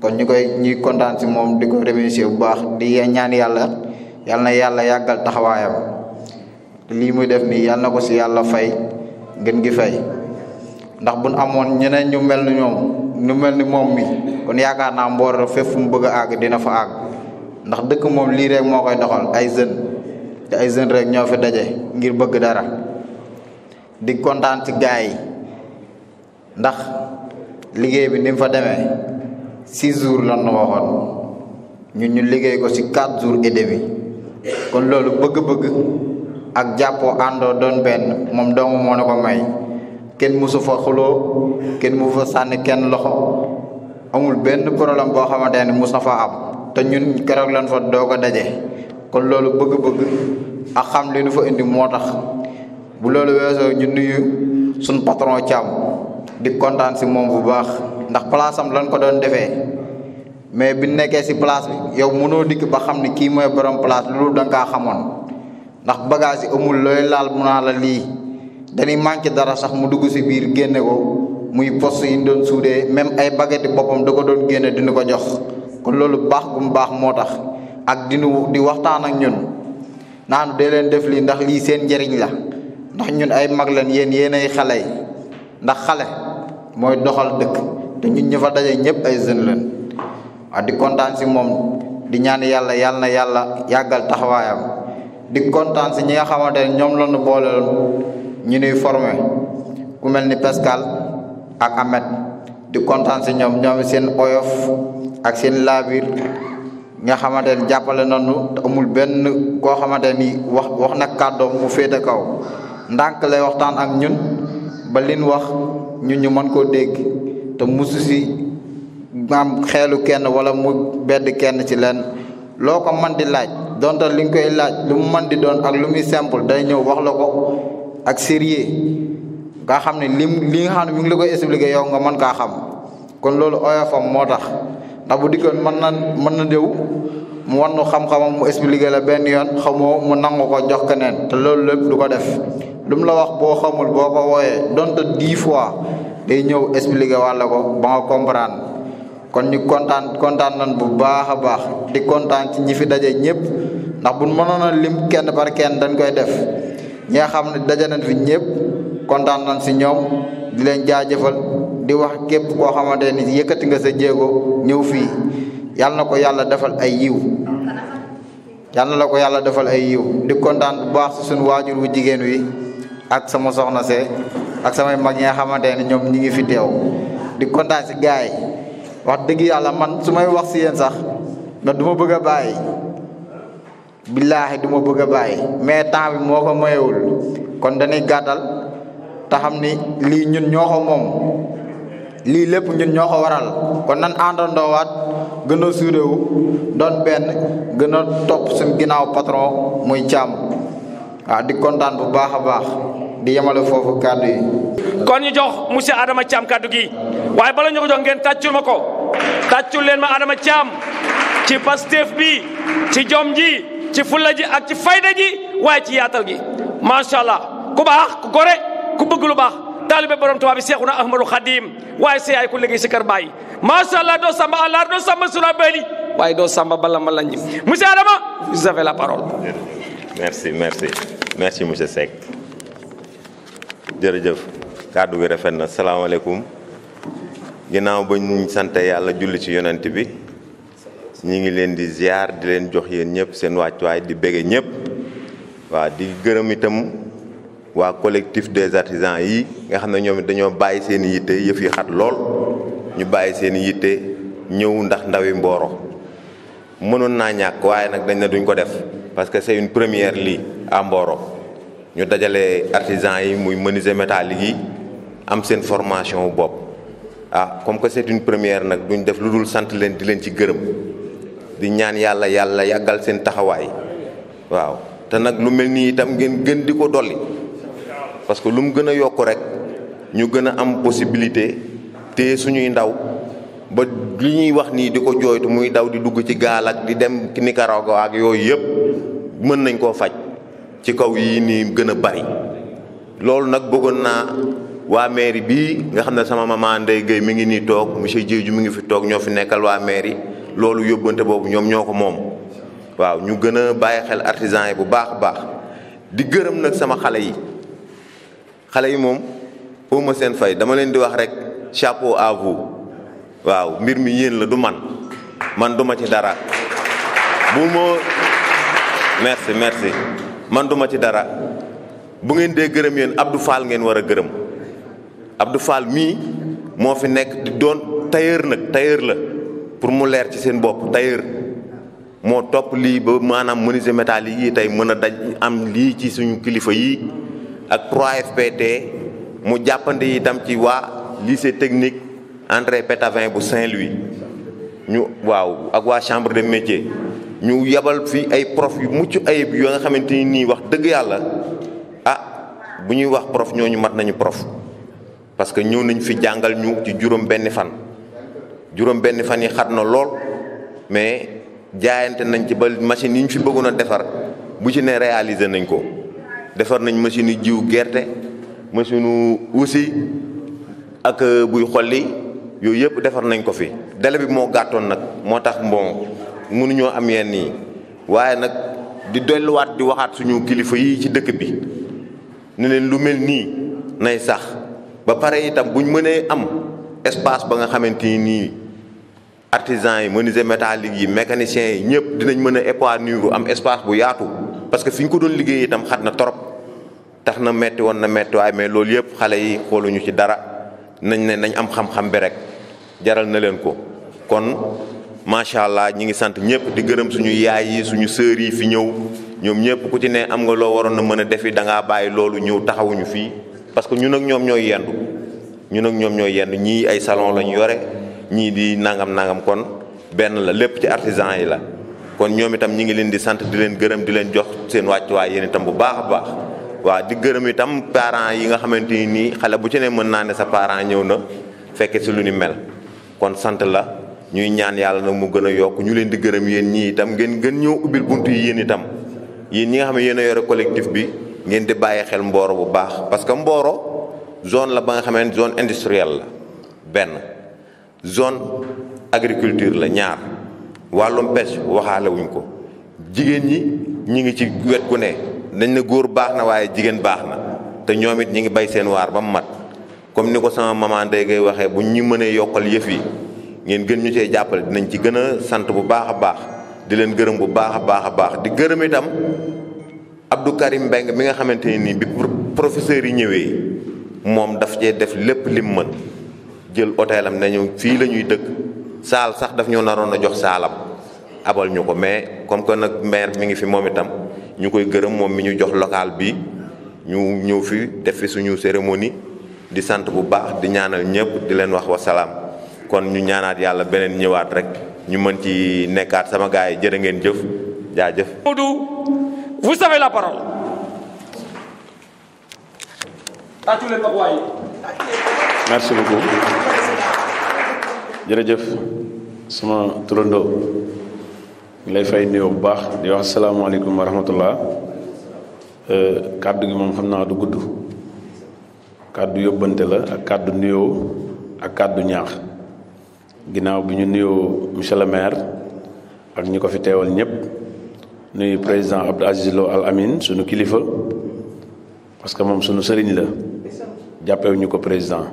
kon ñu koy ñuy kontaan si moom di ko remercier bu baax di ñaan yàlla. yal na yàlla yàggal taxawaayam lii muy def nii yal na ko ci yàlla fay gën gi fay ndax buñ amoon ñeneen ñu mel ni ñoom mel ni moom mi kon yaakaar naa Mbooro fépp fu mu bëgg a àgg dina fa àgg ndax dëkk moom lii rek moo koy doxal ay jeunes te ay jeunes rek ñoo fi daje ngir bëgg dara di kontaan ci gars ndax liggéey bi ni fa demee six jours lan nu waxoon ñun ñu liggéey ko ci quatre jours et demi kon loolu bëgg-bëgg ak jàppoo àndoo doon benn moom dong moo ne ko may kenn musu fa xuloo kenn mu fa sànni kenn loxo amul benn problème boo xamante ne musa fa am te ñun keroog lan fa doog a daje kon loolu bëgg-bëgg ak xam li nu fa indi moo tax bu loolu weesoo ñu nuyu suñ patron Thiam di kontaan si moom bu baax ndax palaasam am lan ko doon defee mais bi nekkee si place bi yow mënoo dikk ba xam ni kii mooy borom place loolu da nga kaa ndax bagage amul laal mu la lii dañuy manqué dara sax mu dugg si biir génne ko muy poste yi doon suudee même ay baguette boppam da ko doon génne dina ko jox kon loolu baax gu mu baax ak dinu di waxtaan ak ñun naanu dee leen def lii ndax lii seen njëriñ la ndax ñun ay mag leen yéen yéen ay xale yi ndax xale mooy doxal dëkk te ñun ñu fa daje ay waaw di kontaan si moom di ñaan yàlla yàlla na yàlla yàggal taxawaayam di kontaan si ñi nga xamante ne ñoom la ñu boole ñu nuy formé ku mel ni Pascal ak Ahmed di kontaan si ñoom ñoom seen oyof ak seen laabir nga xamante ne jàppale nañu te amul benn koo xamante ni wax wax na kàddoom mu féete kaw ndànk lay waxtaan ak ñun ba wax ñun ñu mën koo dégg te musu am xeelu kenn wala mu bedd kenn ci leen loo ko man di laaj donte li nga koy laaj lum man di doon ak lu muy day ñëw wax la ko ak sérieux nga xam ne lim li nga xam ne mi ngi la koy expliquer yow nga mën kaa xam kon loolu oyofam moo tax ndax bu dikkoon mën na mën na déw mu wan xam-xamam mu expliquer la benn yoon xamoo mu nangu ko jox keneen te loolu lépp du ko def lu la wax boo xamul boo ko wooyee donte dix fois day ñëw expliquer wàll ko ba nga comprendre kon ñu kontaan kontaan nan bu baax a baax di kontaan ci ñi fi daje ñëpp ndax bu mënoon a lim kenn par kenn dañ koy def ñi nga xam ne daje nañ fi ñëpp kontaan nan si ñoom di leen jaajëfal di wax képp koo xamante ni yëkkati nga sa jéego ñëw fii yàlla na ko yàlla defal ay yiw yàlla la ko yàlla defal ay yiw di kontaan bu baax si suñu waajur wu jigéen wi ak sama soxna see ak samay mag ñi nga xamante ne ñoom ñi ngi fi deew di kontaan si gaay wax dëgg yàlla man su wax si sax da du bëgg a bàyyi bëgg mais temps bi mayewul kon dañuy ni ñun ñoo ko moom lii ñun waral kon nan àndandoowaat gën a suurewu doon benn gën a topp suñ patron muy càmm ah, di kontaan bu baax baax di yemale foofu kàddu yi. kon ñu jox monsieur Adama gi bala ñu ko jox ngeen tàccul ma Adama Thiam ci Pastef bi ci jom ji ci fulla ji ak ci fayda ji waaye ci yaatal gi macha ku baax ku gore ku bëgg lu baax taalibe borom Tuubaa Seexuna Ahmadu Xadim waaye see ku liggéey si kër baay macha doo samba àllar doo samba sula waaye doo samba bala ma lañ monsieur Adama vous avez la parole. merci merci merci monsieur Seck jërëjëf kàddu ginnaaw ba ñu sante yàlla julli ci yonent bi ñu ngi leen di ziar di leen jox yéen ñëpp seen wàccuwaay di bége ñëpp waa di gërëm itam waa collectif des artisans yi nga xam ne ñoom it dañoo bàyyi seen i yitte yëf yi xat lool ñu bàyyi seen i yitte ñëw ndax ndawi mbooro mënoon naa ñàkk waaye nag dañ ne duñ ko def parce que c'est une première lii à Mboro ñu dajale artisans yi muy menuisier métallique yi am seen formation bopp. ah comme que c'est première nag duñ def lu dul sant leen di leen ci gërëm di ñaan yàlla yàlla yàggal seen taxawaay waaw te nag lu mel nii itam ngeen gën di ko dolli parce que lu mu gën a yokk rek ñu gën a am possibilité te suñuy ndaw ba li ñuy wax nii di ko jooytu muy daw di dugg ci gaal ak di dem Nicaragua ak yooyu yëpp mën nañ koo faj ci kaw yi nii gën a bari loolu nag bëggoon naa waa meeri bii nga xam ne sama maman Ndeye Gueye mi ngi nii toog monsieur Diédiou mi ngi fi toog ñoo fi nekkal waa mairie loolu yóbbante boobu ñoom ñoo ko moom waaw ñu gën a bàyyi xel artisan yi bu baax a baax di gërëm nag sama xale yi xale yi moom ma seen fay dama leen di wax rek chapeau à waaw mbir mi yéen la du man man duma ci dara bu ma merci merci man duma ci dara bu ngeen dee gërëm ab du Fall ngeen war a gërëm Abdou Fall mi mo fi nek di don tailleur nak tailleur la pour mu leer ci seen bop tailleur mo top li ba manam menuisier métallique yi tay meuna daj am li ci suñu kilifa yi ak 3FPT mu jàppandi itam ci wa lycée technique André Pétavin bu Saint-Louis ñu waaw ak wa chambre de métier ñu yabal fi ay prof yu mucc ayeb yu nga xamanteni ni wax deug yalla ah bu ñuy wax prof ñooñu mat nañu prof parce que ñëw nañ fi jàngal ñu ci juróom benn fan juróom benn fan yi xat na lool mais jaayante nañ ci ba machine yi ñu fi bëggoon a defar bu ci ne réaliser nañ ko defar nañ machine yu jiw gerte machine yu aussi ak euh, buy xolli yooyu yëpp defar nañ ko fi délai bi moo gàttoon nag moo tax bon mënuñoo am yenn yi waaye nag di delluwaat di waxaat suñu kilifa yi ci dëkk bi ne lu mel nii nay sax ba pare itam buñ mënee am espace ba nga xamante ni nii artisans yi menuisiers métalliques yi mécaniciens yi ñëpp dinañ mën a épanouir am espace bu yaatu parce que fi ñu ko doon liggéey itam xat na torop tax na metti woon na metti mais loolu yëpp xale yi xooluñu ci dara nañ ne nañ am xam-xam bi rek jaral na leen ko kon macha allah ñi ngi sant ñëpp di gërëm suñu yaay yi suñu sœur yi fi ñëw ñoom ñëpp ku ci ne am nga loo waroon na mën a defi da ngaa bàyyi loolu ñëw taxawuñu fii parce que ñun ak ñoom ñooy yendu ñun nag ñoom ñooy yendu ñii ay salon la ñu yore ñii di nangam nangam kon benn la lépp ci artisan yi la kon ñoom itam ñi ngi leen di sant di leen gërëm di leen jox seen wàccuwaay yéen itam bu baax a baax waaw di gërëm itam parents yi nga xamante ni nii xale bu ci ne mën naa ne sa parent ñëw na fekke si lu ni mel kon sant la ñuy ñaan yàlla nag mu gën a yokk ñu leen di gërëm yéen ñii itam ngeen gën ñëw ubbil bunt yi yéen itam yéen ñi nga xam ne yéen a yore collectif bi ngeen di bàyyi xel Mboro bu baax parce que Mboro zone la ba nga xamante zone industrielle la benn zone agriculture la ñaar wàllum pêche waxaale ko jigéen ñi ñi ngi ci wet ku ne dañ ne góor baax na waaye jigéen baax na te ñoom it ñi ngi bay seen waar ba mu mat comme ni ko sama maman Ndeye Gueye waxee bu ñu mënee yokkal yëf yi ngeen gën ñu cee jàppale dinañ ci gën a sant bu baax a baax di leen gërëm bu baax a baax a baax di gërëm itam abdou karim beng mi nga xamante ni bi professeur yi ñëwee moom daf cee def lépp lim mën jël hôtelam ne ñu fii la ñuy dëkk saal sax daf ñu naroon jox saalam abal ñu ko mais comme que nag maire mi ngi fi moom itam mi ñu jox local bi ñu ñëw fi def fi suñu cérémonie di sant bu baax di ñaanal di leen wax kon ñu ñaanaat yàlla beneen ñëwaat rek ñu mën ci sama gars yi jërë ngeen jëf Vous avez la parole. À tous les Paraguayens. Merci beaucoup. jërëjëf sama turandoo ngi fay nuyoo bu baax di wax asalaamaaleykum wa rahmatullah euh, kàddu gi moom xam du gudd kàddu yóbbante la ak kàddu nuyoo ak ñaax monsieur le maire ak fi teewal nuyu président Abdou Aziz Lo Al Amin suñu kilifa parce que moom suñu sëriñ la jàppewuñu ko président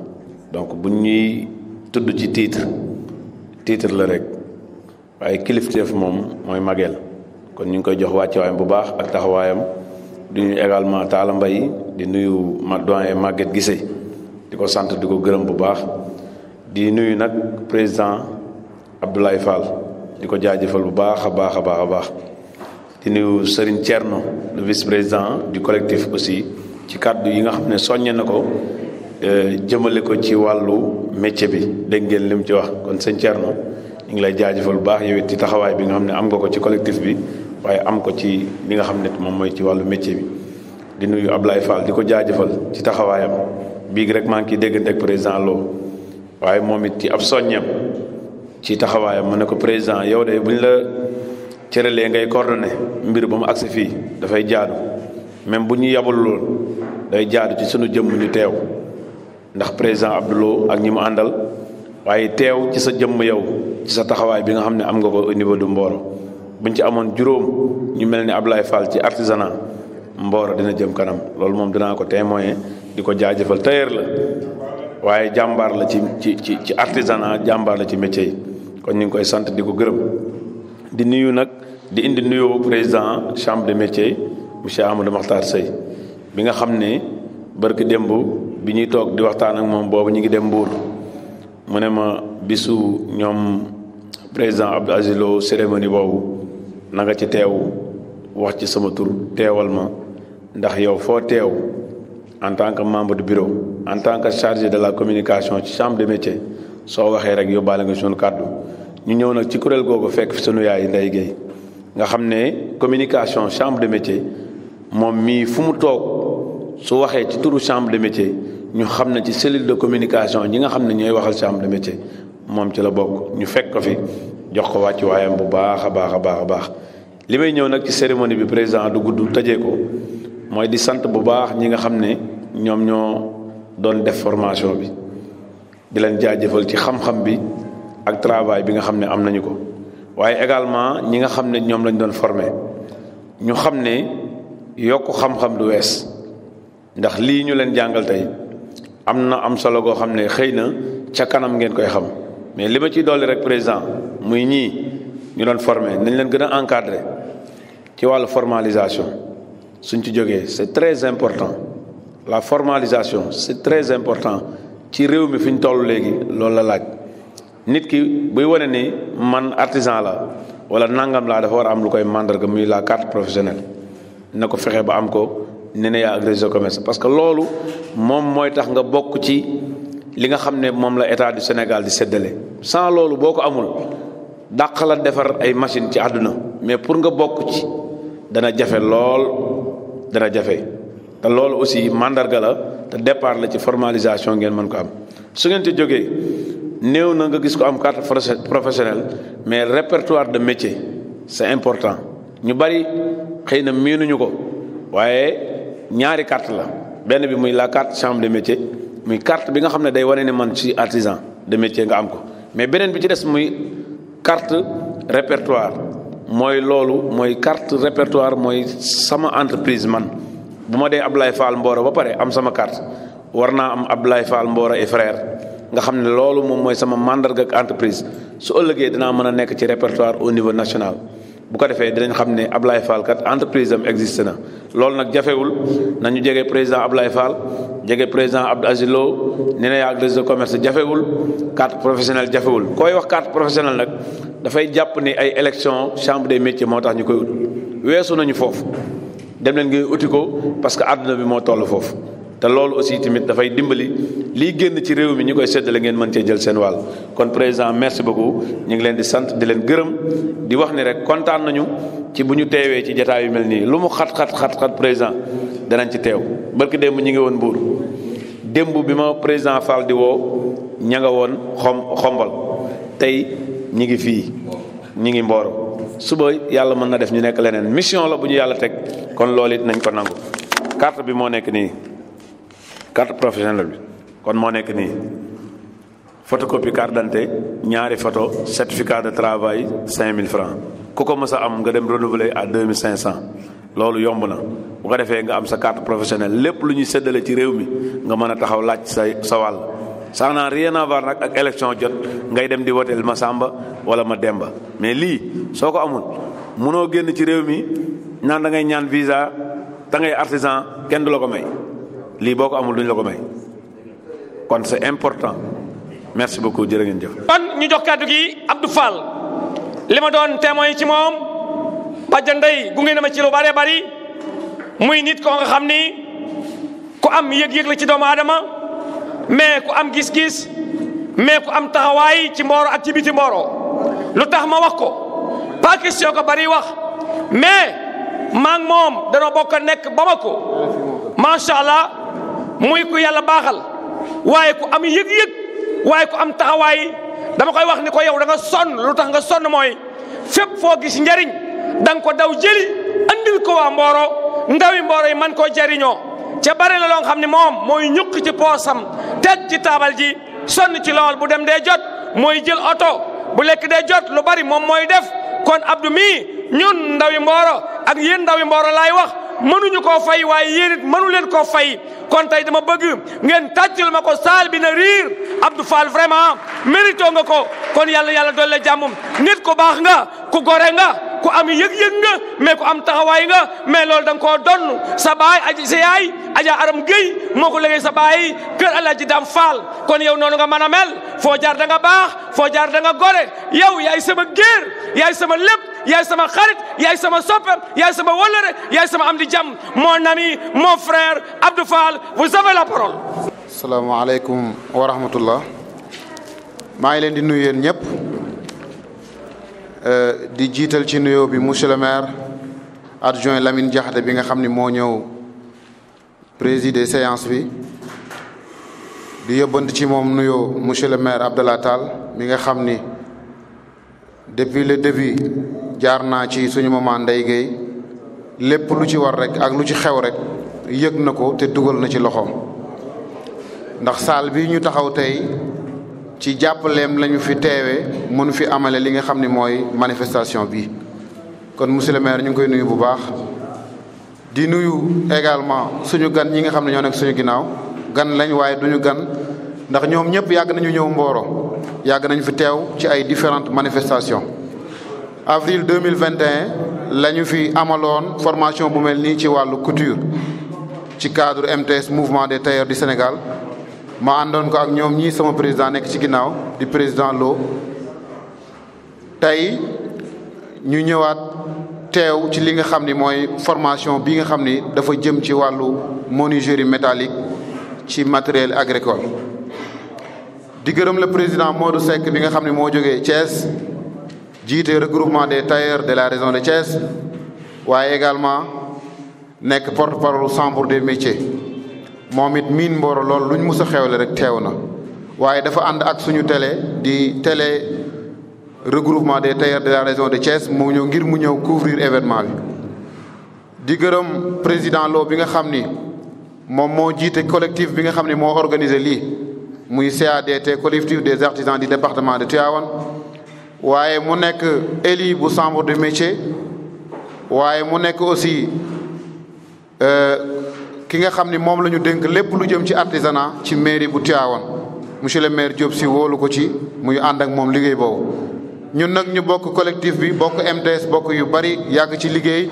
donc bu ñuy tudd ci titre titre la rek waaye kilifteef moom mooy mageel kon ñu ngi koy jox wàccewaayam bu baax ak taxawaayam di nuyu également Talla Mbaye di nuyu ma doyen Maguette Guissé di ko sant di ko gërëm bu baax di nuyu nag président Abdoulaye Fall di ko jaajëfal bu baax a baax a baax a baax di nuyu Serigne Thierno le vice président du collectif aussi ci kàddu yi nga xam ne soññe na ko euh, jëmale ko ci wàllu métier bi dégg ngeen li mu ci wax kon sëñ Thierno ñu ngi lay jaajëfal bu baax yow it ci taxawaay bi nga xam ne am nga ko ci collectif bi waaye am ko ci li nga xam ne moom mooy ci wàllu métier bi. di nuyu Ablaye Fall di ko jaajëfal ci taxawaayam bii rek maa ngi ciy déggante ak président Lo waaye moom it ci ab soññeem ci taxawaayam mu ne ko président yow cere cëralee ngay coordonné mbir ba mu agsi fii dafay jaadu même bu ñu yabul lool day jaadu ci sunu jëmm ñu teew ndax président Abdoulou ak ñi mu àndal waaye teew ci sa jëmm yow ci sa taxawaay bi nga xam ne am nga ko au niveau du Mboro buñ ci amoon juróom ñu mel ni Ablaye Fall ci artisanat Mboro dina jëm kanam loolu moom dinaa ko témoigner di ko jaajëfal tailleur la waaye jàmbaar la ci ci ci ci artisanat jàmbaar la ci métier yi kon ñu ngi koy sant di ko gërëm di nuyu nag. di indi nuyoo président chambre de métier monsieur Amadou Makhtar Seye bi nga xam ne barki démb bi ñuy toog di waxtaan ak moom boobu ñu ngi dem Mbour mu ne ma bisu ñoom président Abdou Aziz Lo cérémonie boobu na nga ci teew wax ci sama tour teewal ma ndax yow foo teew en tant que membre du bureau en tant que chargé de la communication ci chambre de métier soo waxee rek yóbbaale nga sunu kàddu ñu ñëw nag ci kuréel googu fekk fi sunu yaay Ndeye Guèye nga xam communication chambre de métier mom mi fu mu toog su waxé ci turu chambre de métier ñu xam ci cellule de communication ñi nga xam ñoy waxal chambre de métier mom ci la bokk ñu fekk ko fi jox ko wàccu wayam bu baaxa baaxa baaxa baax limay ñew nak ci cérémonie bi président du gudd tëjee ko moy di sante bu baax ñi nga xam ñom ñoo doon def formation bi di leen jaajëfal ci xam-xam bi ak travail bi nga xam ne am nañu ko waaye également ñi nga xam ne ñoom lañ doon formé ñu xam ne yokk xam-xam du wees ndax lii ñu leen jàngal tey am na am solo goo xam ne xëy na ca kanam ngeen koy xam mais li ma ciy dolli rek président muy ñii ñu doon formé nañ leen gën a encadré ci wàllu formalisation suñ ci jógee c'est très important la formalisation c'est très important ci réew mi fi ñu toll léegi loolu la laaj nit ki buy wane ni man artisan la wala nangam laa dafa war a am lu koy mandarga muy la carte professionnelle na ko fexe ba am ko ne ne yaa ak commerce parce que loolu moom mooy tax nga bokk ci li nga xam ne moom la état du Sénégal di séddale sans loolu boo ko amul dàq la defar ay machine ci àdduna mais pour nga bokk ci dana jafe lool dana jafe te loolu aussi mandarga la te départ la ci formalisation ngeen mën ko am su ngeen jógee néew na nga gis ko am carte professionnelle mais répertoire de métier c'est important ñu bari xëy na miinuñu ko waaye ñaari carte la benn bi muy la carte chambre de métier muy carte bi nga xam ne day wane ne man ci artisan de métier nga am ko mais beneen bi ci des muy carte répertoire mooy loolu mooy carte répertoire mooy sama entreprise man bu ma dee Ablaye Fall Mboro ba pare am sama carte war naa am Ablaye Fall Mboro et frère nga xam ne loolu moom mooy sama mandarga ak entreprise su ëllëgee dinaa mën a nekk ci répertoire au niveau national. bu ko defee dinañ xam ne Ablaye Fall kat entreprise am existe na loolu nag jafewul nañu jege président Ablaye Fall jege président Abdou Aziz Lo ne na yaag de commerce jafewul carte professionnelle jafewul koy wax carte professionnelle nag dafay jàpp ni ay élection chambre des métiers moo tax ñu koy ut weesu nañu foofu dem leen ngay uti ko parce que àdduna bi moo toll foofu te loolu aussi tamit dafay dimbali lii génn ci réew mi ñu koy seddale ngeen mën cee jël seen wàll kon président merci beaucoup ñu ngi leen di sant di leen gërëm di wax ni rek kontaan nañu ci bu ñu teewee ci jataay yu mel nii lu mu xat xat xat xat président danañ ci teew barki démb ñi ngi woon mbuur démb bi ma président Fall di woo ña nga woon xom xombal tey ñi ngi fii ñi ngi mbooro suba yàlla mën na def ñu nekk leneen mission la bu ñu yàlla teg kon loolu it nañ ko nangu carte bi moo nekk nii carte professionnelle bi kon moo nekk nii photocopie carte d'identité ñaari foto certificat de travail mille francs ku ko mës a am nga dem renouveler à 2500 loolu yomb na bu ko defee nga am sa carte professionnelle lépp lu ñuy séddale ci réew mi nga mën a taxaw laaj sa sa wàll. ça n'a rien à nag ak élection jot ngay dem di woteel ma sàmba wala ma Demba mais lii soo ko amul munoo génn ci réew mi naan da ngay ñaan visa da ngay artisan kenn du la ko may. lii boo ko amul duñ la ko may kon c'est important merci beaucoup jërë ngeen jëf. kon ñu jox kàddu gi du Fall li ma doon témoin ci moom bàjjan ndey gunge na ma ci lu bëree bëri muy nit koo nga xam ni ku am yëg-yëg la ci doomu aadama mais ku am gis-gis mais ku am taxawaay ci Mboro ak ci biti Mboro lu tax ma wax ko pas question ko bëri wax mais maa moom danoo bokk nekk Bamako macha allah. muy ku yàlla baaxal waaye ku am yëg-yëg waaye ku am taxawaay dama koy wax ni ko yow da nga sonn lu tax nga sonn mooy fépp foo gis njariñ da nga ko daw jëli andil ko waa Mboro ndawi Mboro yi man koo jariñoo ca bare la loo xam ne moom mooy ñukk ci poosam teg ci taabal ji sonn ci lool bu dem dee jot mooy jël oto bu lekk dee jot lu bari moom mooy def kon Abdou mii ñun ndawi Mboro ak yéen ndawi Mboro laay wax mënuñu ko fay waaye yéen it mënu leen koo fay kon tey dama bëgg ngeen tàccul ma ko saal bi na riir Abdou Fall vraiment mérito nga ko kon yàlla yàlla doole jàmm nit ko baax nga ko gore nga. ku am yëg-yëg nga mais ko am taxawaay nga mais loolu da nga koo donn sa baay aji sa yaay aja aram géy moo ko liggéey sa baay kër Alaaji Daam Faal kon yow noonu nga mën a mel foo jaar danga nga baax foo jaar danga nga gore yow yaay sama géer yaay sama lépp yaay sama xarit yaay sama soppe yaay sama wëllëre yaay sama am di jàmm mon ami mon frère Abdou Fall vous avez la parole. salaamaaleykum wa rahmatullah maa ngi leen di nuyu yéen ñëpp. Euh, di jiital ci nuyoo bi monsieur le maire adjoint Lamine Diakhaté bi nga xam ni moo ñëw présider séance bi di yóbbant ci moom nuyoo monsieur le maire Abdallah Tall mi nga xam ni depuis le début jaar naa ci suñu maman Ndeye Gueye lépp lu ci war rek ak lu ci xew rek yëg na ko te dugal na ci loxoom ndax saal bi ñu taxaw tey ci jàppaleem lañu fi fi manifestation bi kon ñu koy nuyu bu baax également suñu gan nga ñoo suñu gan duñu gan ndax nañu Mboro fi ci différentes manifestations avril 2021 nous fi formation bu ci couture cadre MTS mouvement des tailleurs du Sénégal ma àndoon ko ak ñom ñi sama président nek ci ginnaw di président Lo tay ñu ñëwaat tew ci li nga xamni moy formation bi nga xamni dafa jëm ci walu menuiserie métallique ci matériel agricole. di gërëm le président Modou Seck bi nga xamni mo joggé Thiès jité regroupement des tailleurs de la région de Thiès waaye également nek porte-parole chambre des métiers momit min Mboro lool luñ mus a xewle rek teew waye dafa and ak suñu télé di télé regroupement des tailleurs de la région de Thiès mo ñëw ngir mu ñëw couvrir événement bi. di gërëm président Lo bi nga xamni mom mo jité collectif bi nga xamni mo organisé lii muy CADT collectif des artisans du département de Tivaouane waye mu nekk éli bu chambre de métier waye mu nekk aussi. Euh, ki nga xam ni moom la ñu dénk lépp lu jëm ci artisanat ci mairie bu Tivaouane monsieur le maire Diop si woolu ko ci muy ànd ak moom liggéey boobu. ñun nag ñu bokk collectif bi bokk MTS bokk yu bari yàgg ci liggéey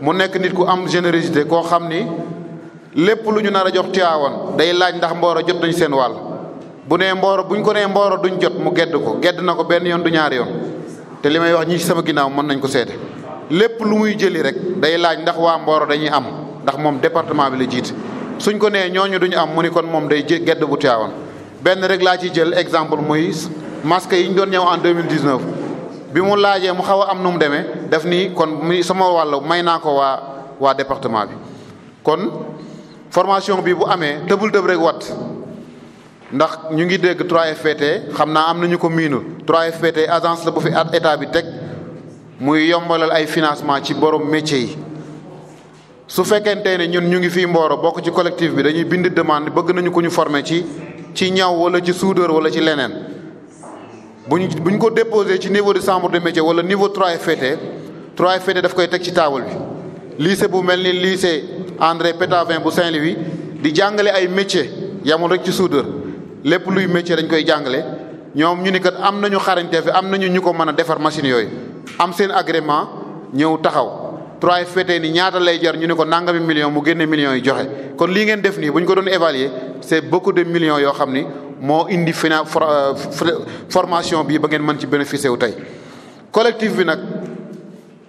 mu nekk nit ku am générosité koo xam ni lépp lu ñu nar a jox Tivaouane day laaj ndax mbooro jot nañ seen wàll. bu nee bu buñ ko nee mbooro duñ jot mu gedd ko gedd na ko benn yoon du ñaar yoon te li may wax ñi ci sama ginnaaw mën nañ ko seete lépp lu muy jëli rek day laaj ndax waa Mboro dañuy am. ndax moom département bi la jiit suñ ko nee ñooñu duñu am mu ni kon moom day gedd bu Tiwaawan benn rek laa ciy jël exemple muy masque yi ñu doon ñëw en 2019 bi mu laajee mu xaw a am nu mu demee def nii kon mi sama wàll may naa ko waa waa département bi kon formation bi bu amee tëbul tëb rek wat ndax ñu ngi dégg 3FPT xam naa am nañu ko miinul trois fpt agence la bu fi at état bi teg muy yombalal ay financement ci borom métier yi su fekkente ne ñun ñu ngi fii mbooroo bokk ci collectif bi dañuy bind demande bëgg nañu ko ñu former ci ci ñaw wala ci suudar wala ci leneen bu ñu buñ ko déposé ci niveau de chambre de métier wala niveau 3FPT 3FPT daf koy teg ci taabal bi lycée bu mel ni lycée André Pétavin bu Saint-Louis di jàngale ay métier yamul rek ci suudar lépp luy métier dañ koy jàngale ñoom ñu ni kat am nañu xarañte fi am nañu ñu ko mën a defar machine yooyu am seen agrément ñëw taxaw 3FPT ni ñaata lay jar ñu ne ko nangami million mu génne millions yi joxe kon li ngeen def nii bu ñu ko doon évaluer c'est beaucoup de millions yoo xam ni moo indi fina euh, formation bi ba ngeen mën ci bénéficier wu tey. collectif bi nag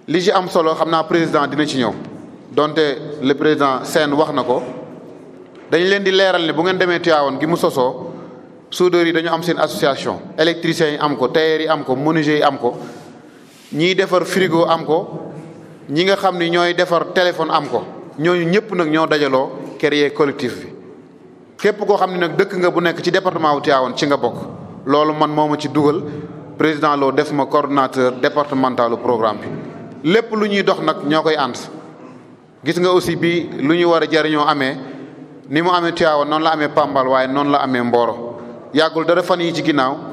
li ci am solo xam naa président dina ci ñëw donte le président Sène wax na ko dañ leen di leeral ne bu ngeen demee Tivaouane gi mu sosoo soudeurs yi dañu am seen association électricien yi am ko tailleurs yi am ko menuisiers yi am ko ñiy defar frigo am ko. ñi nga xam ni ñooy defar téléphone am ko ñooñu ñëpp nag ñoo dajaloo créer collectif bi képp koo xam ne nag dëkk nga bu nekk ci département wu ci nga bokk loolu man moo ma ci dugal président loo def ma coordonnateur programme bi lépp lu ñuy dox nag ñoo koy ànd gis nga aussi bi lu ñu war a jariñoo amee ni mu amee Tivaouane noonu la amee Pambal waaye noonu la amee mbooro yàggul dara fan yi ci ginnaaw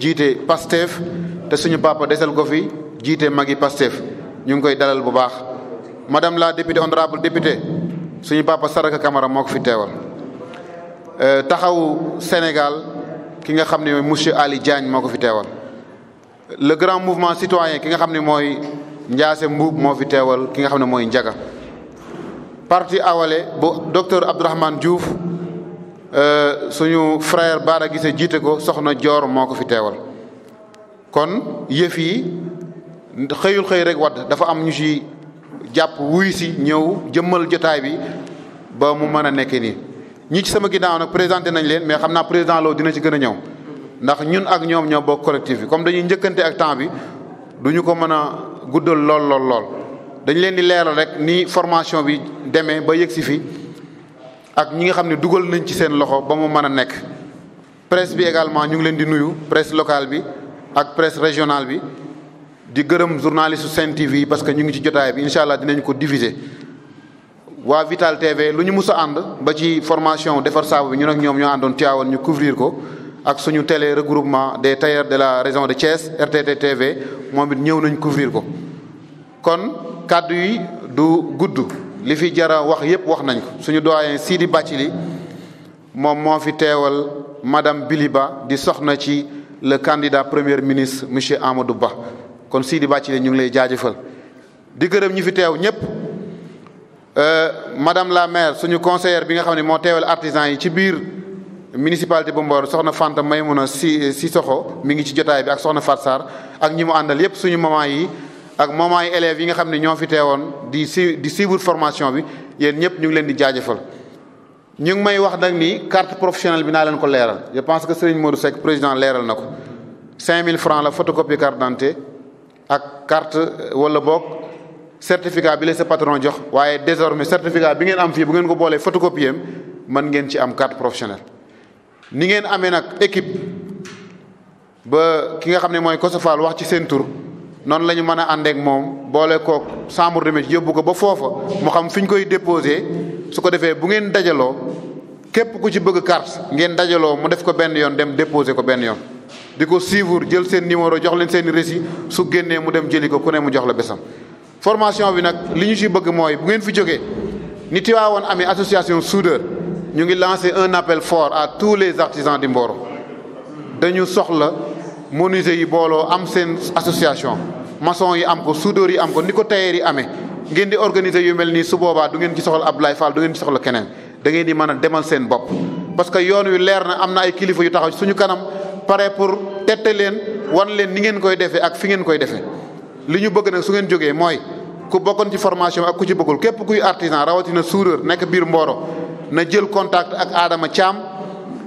jiite Pastef te suñu papa desal ko fi jiite magi Pastef ñu ngi koy dalal bu baax madame la députée honorable député suñu papa Saraka Camara moo ko fi teewal euh, taxawu Sénégal ki nga xam ne monsieur Ali Diagne moo ko fi teewal le grand mouvement citoyen ki nga xam ni mooy Ndiasse Mbuub moo fi teewal ki nga xam ne mooy Njaga parti awale bu docteur Abdourahmane Diouf Euh, suñu frère Bara Guissé jiite ko soxna Joor moo ko fi teewal kon yëf yi xëyul xëy rek wadd dafa am ñu ci jàpp wuy si ñëw jëmmal jotaay bi ba mu mën a nekk nii ñi ci sama ginnaaw nag présenté nañ leen mais xam naa président Lo dina ci gën a ñëw ndax ñun ak ñoom ñoo bokk collectif bi comme dañuy njëkkante ak temps bi du ñu ko mën a guddal lool lool lool dañ leen di leeral rek ni formation bi demee ba yëg si fii ak ñi nga xam ne dugal nañ ci seen loxo ba mu mën a nekk presse bi également ñu ngi leen di nuyu presse locale bi ak presse régionale bi di gërëm journaliste Sen TV parce que ñu ngi ci jotaay bi incha allah dinañ ko diffuser. waa Vital TV lu ñu mus a ànd ba ci formation defar saabu bi ñun ak ñoom ñoo àndoon Tivaouane ñu couvrir ko ak suñu télé regroupement des tailleurs de la région de Thiès RTT TV moom it ñëw nañ couvrir ko kon kàddu yi du gudd li fi jara wax yépp wax nañ ko suñu doyen Sidi Bathily moom moo fi teewal madame Biliba di soxna ci le candidat premier ministre monsieur Amadou Ba kon Sidi Bathily ñu ngi lay jaajëfal di gërëm ñi fi teew ñépp euh, madame la maire suñu conseillère bi nga xam ne moo teewal artisan yi ci biir municipalité bu Mbor soxna Fanta Maymuna si si soxo mi ngi ci jotaay bi ak soxna Fatsar ak ñi mu àndal yépp suñu maman yi ak moment yi élèves yi nga xam ne ñoo fi woon di si di suivre formation bi yéen ñëpp ñu ngi leen di jaajëfal. ñu ngi may wax nag ni carte professionnelle bi naa leen ko leeral je pense que Serigne Modou Seck président leeral na ko cinq 5000 francs la photocopie carte d'identité ak carte euh, wala boog certificat bi la sa patron jox waaye désormais certificat bi ngeen am fii bu ngeen ko boolee photocopie am mën ngeen ci am carte professionnelle. ni ngeen amee nag équipe ba ki nga xam ne mooy Kosofal wax ci seen Non lañu mëna mën ak mom moom ko chambre de métier ko ba fofa mu xam fiñ koy déposé su ko défé bu ngeen képp ku ci dem déposé ko ben yoon. diko suivre jël numéro jox dem mu jox la formation bi nak liñu ci bëgg bu fi ni association soudeur ñu un appel fort à tous les artisans di Mboro dañu menuisiers yi booloo am seen association maçon yi am ko soudeur yi am ko ni ko tailleur yi amee ngeen di organiser yu mel nii su boobaa du ngeen ci soxla Abdoulaye Fall du ngeen ci soxla keneen da ngeen di mën a demal seen bopp. parce que yoon wi leer na am na ay kilifa yu taxaw suñu kanam pare pour tette leen wan leen ni ngeen koy defee ak fi ngeen koy defee li ñu bëgg nag su ngeen jógee mooy ku bokkoon ci formation ak ku ci bokkul képp kuy artisan rawatina soudeur nekk biir Mboro na jël contact ak Adama Thiam.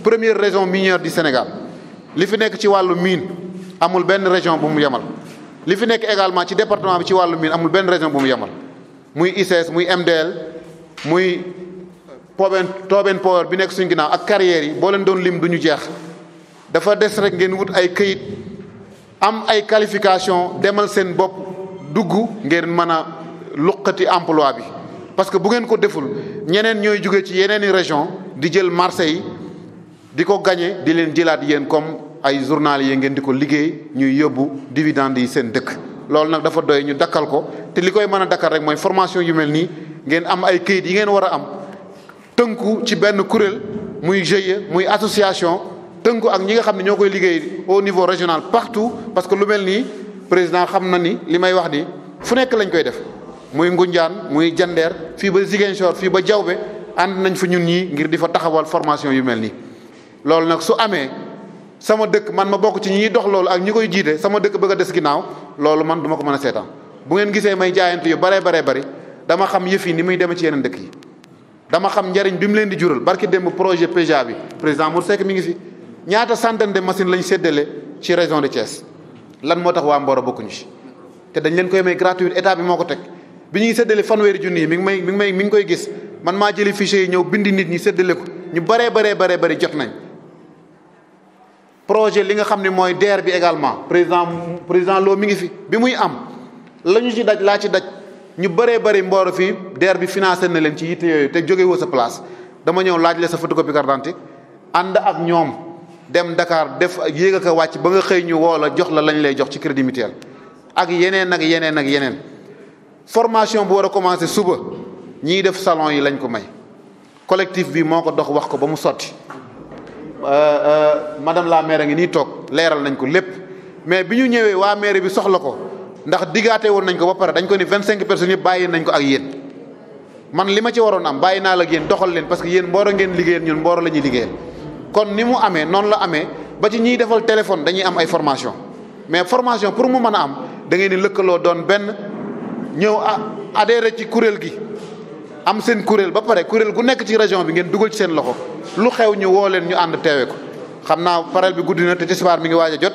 première région minière du Sénégal li fi nek ci walu mine amul ben région bu mu yamal. li fi nek également ci département bi ci walu mine amul ben région bu mu yamal. muy ICS muy MDL muy euh, Poben Toben Power bi nek suñu ginnaaw ak carrière yi bo len doon lim du jeex dafa des rek ngeen wut ay këyit am ay qualification demal sen bop dugg ngeen mën luqati emploi bi parce que bu ngeen ko deful ñeneen ñoy jóge ci yeneen région di jël marché yi di ko gañe di leen jëlaat yéen comme ay journal yee ngeen di ko liggéey ñuy yóbbu dividende yi seen dëkk loolu nag dafa doy ñu dakkal ko te li koy mën a dakkal rek mooy formation yu mel nii ngeen am ay këyit yi ngeen war a am tënku ci benn kuréel muy GIE muy association tënku ak ñi nga xam ne ñoo koy liggéey au niveau régional partout parce que lu mel nii président xam na ni li may wax ni fu nekk lañ koy def muy Ngunjaan muy Jandeer fii ba Ziguinchor fii ba Diaobé ànd nañ fa ñun ñii ngir di fa taxawal formation yu mel nii loolu nag su amee sama dëkk man ma bokk ci ñi dox loolu ak ñi koy jiite sama dëkk bëgg a des ginnaaw loolu man duma ko mën a seetaan bu ngeen gisee may jaayante yu baree baree bari dama xam yëf yi ni muy demee ci yeneen dëkk yi. dama xam njariñ bi mu leen di jural barki démb projet PEJA bi président Mor Seck ngi fi ñaata centaine de machine lañ séddale ci région de Thiès lan moo tax waa Mboro bokkuñu ci te dañ leen koy may gratuit état bi moo ko teg bi ñuy séddale fanweeri junni yi mi ngi may mi ngi may mi ngi koy gis man maa jëli fichier ñëw bindi nit ñi séddale ko ñu baree baree baree bari jot nañ projet li nga xam ne mooy deer bi également président président loo mi ngi fi bi muy am la ñu ci daj laa ci daj ñu bëree bëri mbooro fii DER bi financé na leen ci yitte yooyu te jóge sa place dama ñëw laaj la sa photocopie carte d'identité ànd ak ñoom dem ndakaar def yéeg a ko wàcc ba nga xëy ñu woo jox la lañu lay jox ci crédit mutuel ak yeneen ak yeneen ak yeneen formation bu war a commencé suba ñiy def salon yi lañ ko may collectif bi moo ko dox wax ko ba mu sotti Euh, euh, madame la maire a ngi nii toog leeral nañ ko lépp mais bi ñu ñëwee waa maire bi soxla ko ndax diggaate woon nañ ko ba pare dañ ko ni vingt cinq personnes yëpp bàyyi nañ ko ak yéen man li ma ci waroon am bàyyi naa la ak yéen doxal leen parce que yéen mbooro ngeen liggéeyal ñun mbooro la ñuy liggéeyal kon ni mu amee noonu la amee ba ci ñiy defal téléphone dañuy am ay formation mais formation pour mu mën a am da ngeen di lëkkaloo doon benn ñëw adhéré ci kuréel gi am seen kuréel ba pare kuréel gu nekk ci région bi ngeen dugal ci seen loxo lu xew ñu woo leen ñu ànd teewe ko xam naa pareel bi guddi na te ci tisbaar mi ngi waaj a jot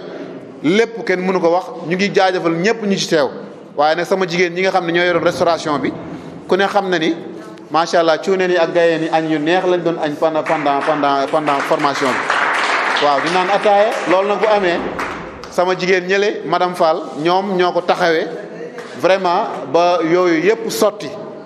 lépp kenn mënu ko wax ñu ngi jaajëfal ñëpp ñu ci teew waaye nag sama jigéen ñi nga xam ne ñoo yoroon restauration bi ku ne xam na ni macha allah cuuneen yi ak gayeen yi añ yu neex lañ doon añ pendant pendant pendant pendant formation bi waaw di naan ataaye loolu nag bu amee sama jigéen ñële madame Fall ñoom ñoo ko taxawee vraiment ba yooyu yëpp sotti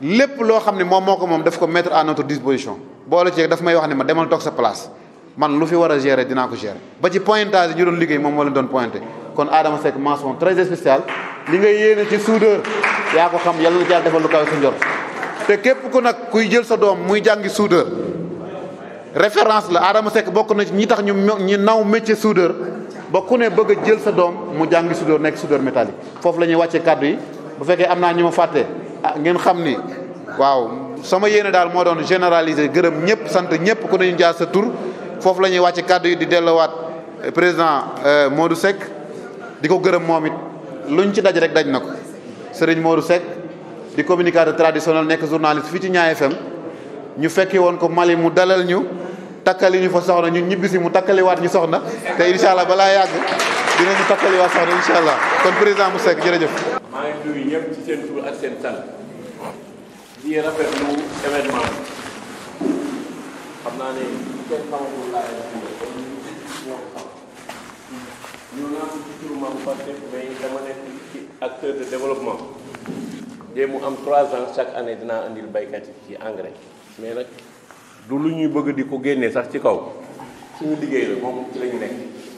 lépp loo xam ne moom moo ko moom daf ko mettre à notre disposition boole ci daf may wax ne ma demal toog sa place man lu fi war a gérer dina ko gérer ba ci pointage yi ñu doon liggéey moom moo leen doon pointé kon Adama Seck mention très spéciale li ngay yéene ci soudeur yaa ko xam yàlla na ci yàlla defal lu kawe sa njort te képp ko nag kuy jël sa doom muy jàngi soudeur référence la Adama Seck bokk na ci ñi tax ñu ñi naw métier suudar ba ku ne bëgg a jël sa doom mu jàngi soudeur nekk soudeur métallique foofu la ñuy wàccee kàddu yi bu fekkee am naa ñu ma fàttee ah ngeen xam ni waaw sama yéene daal moo doon généraliser gërëm ñëpp sant ñëpp ku nañu jaar sa tur foofu la ñuy wàcc kàddu yi di delluwaat eh, président eh, Modou Seck di ko gërëm moom it lu luñ ci daj rek daj na ko Serigne Modou Seck di communicateur traditionnel nekk journaliste fii ci Niayes FM ñu fekki woon ko Mali mu dalal ñu takkali ñu fa soxna ñu ñibbisi mu takkaliwaat ñu soxna te incha allah balaa yàgg. dinañu takkali waa soxna incha allah kon président mu Seck jërëjëf. maa ngi nuyu ñëpp ci seen tur ak seen sant di rafetlu événement bi naa ne kenn xamatul laay ñoo ci turu maam parce que dama nekk ci acteur de développement. de mu am trois ans chaque année dinaa indil baykat yi ci engrais mais nag du lu ñuy bëgg di ko génnee sax ci kaw suñu liggéey la moom ci la nekk.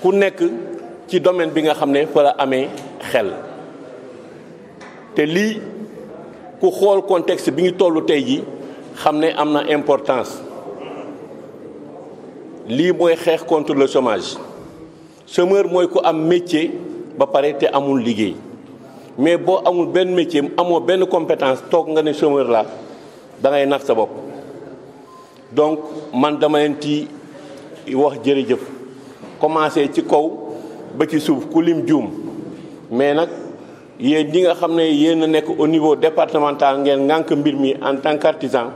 ku nekk ci domaine bi nga xam ne fa la amee xel te lii ku xool contexte bi ñu toll tey ji xam ne am na importance lii mooy xeex contre le chômage chômeur mooy ku am métier ba pare te amul liggéey mais boo amul benn métier amoo benn compétence toog nga ne chômeur la da ngay nax sa bopp donc man dama leen ci wax jërëjëf commencé ci kaw ba ci suuf ku lim juum mais nag yéen ñi nga xam ne yéen nekk au niveau départemental ngeen ngànk mbir mi en tant qu'artisan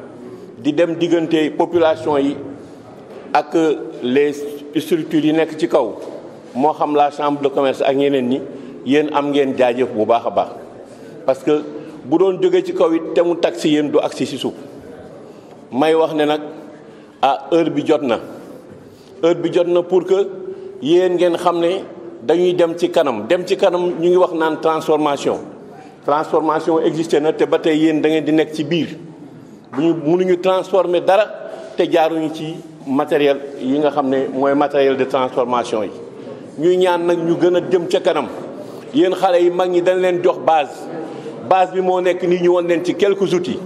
di dem diggante population yi ak les structures yi nekk ci kaw moo xam la chambre de commerce ak ñeneen ni yéen am ngeen jaajëf bu baax a baax parce que bu doon jógee ci kaw it te mu taxi yéen du agsi si suuf may wax ne nag ah heure bi jot na heure bi jot na pour que yéen ngeen xam ne dañuy dem ci kanam dem ci kanam ñu ngi wax naan transformation transformation existé na te ba tey yéen da ngeen di nekk ci biir bu ñu mënuñu transformer dara te jaaruñu ci matériel yi nga xam ne mooy matériel de transformation yi ñuy ñaan nag ñu gën a jëm ca kanam yéen xale yi mag ñi dañ leen jox base base bi moo nekk nii ñu won leen ci quelque outils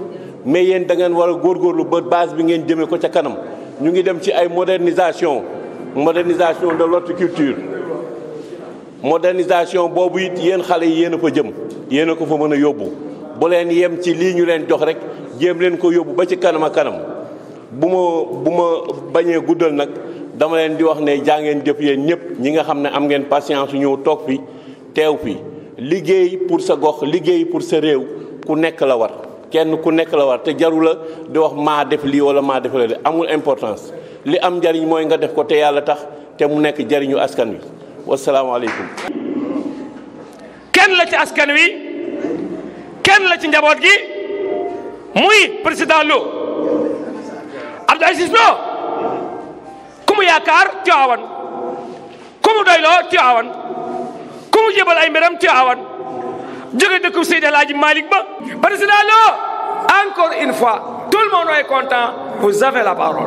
mais yéen da ngeen war a góorgóorlu ba base bi ngeen jëmee ko ca kanam ñu ngi dem ci ay modernisation modernisation de l'horticulture modernisation boobu yit yéen xale yi yéen a fa jëm yéen a ko fa mën a yóbbu bu leen yem ci lii ñu leen jox rek jéem leen ko yóbbu ba ci kanam kanam bu ma bu ma bañee guddal nag dama leen di wax ne jaa ngeen jëf yéen ñëpp ñi nga xam ne am ngeen patience ñëw toog fi teew fi liggéey pour sa gox liggéey pour sa réew ku nekk la war kenn ku nekk la war te jaru la di wax maa def lii wala maa def la amul importance li am njariñ mooy nga def ko te yàlla tax te mu nekk jariñu askan wi wasalaamaaleykum. kenn la ci askan wi kenn la ci njaboot gi muy président Lo Abdou Aziz Lo ku mu yaakaar Tiwaawan ku mu doyloo Tiwaawan ku mu jébal ay mbiram Tiwaawan jóge dëkku Seydi El Hadji Malick ba président Lo encore une fois tout le monde est vous avez la parole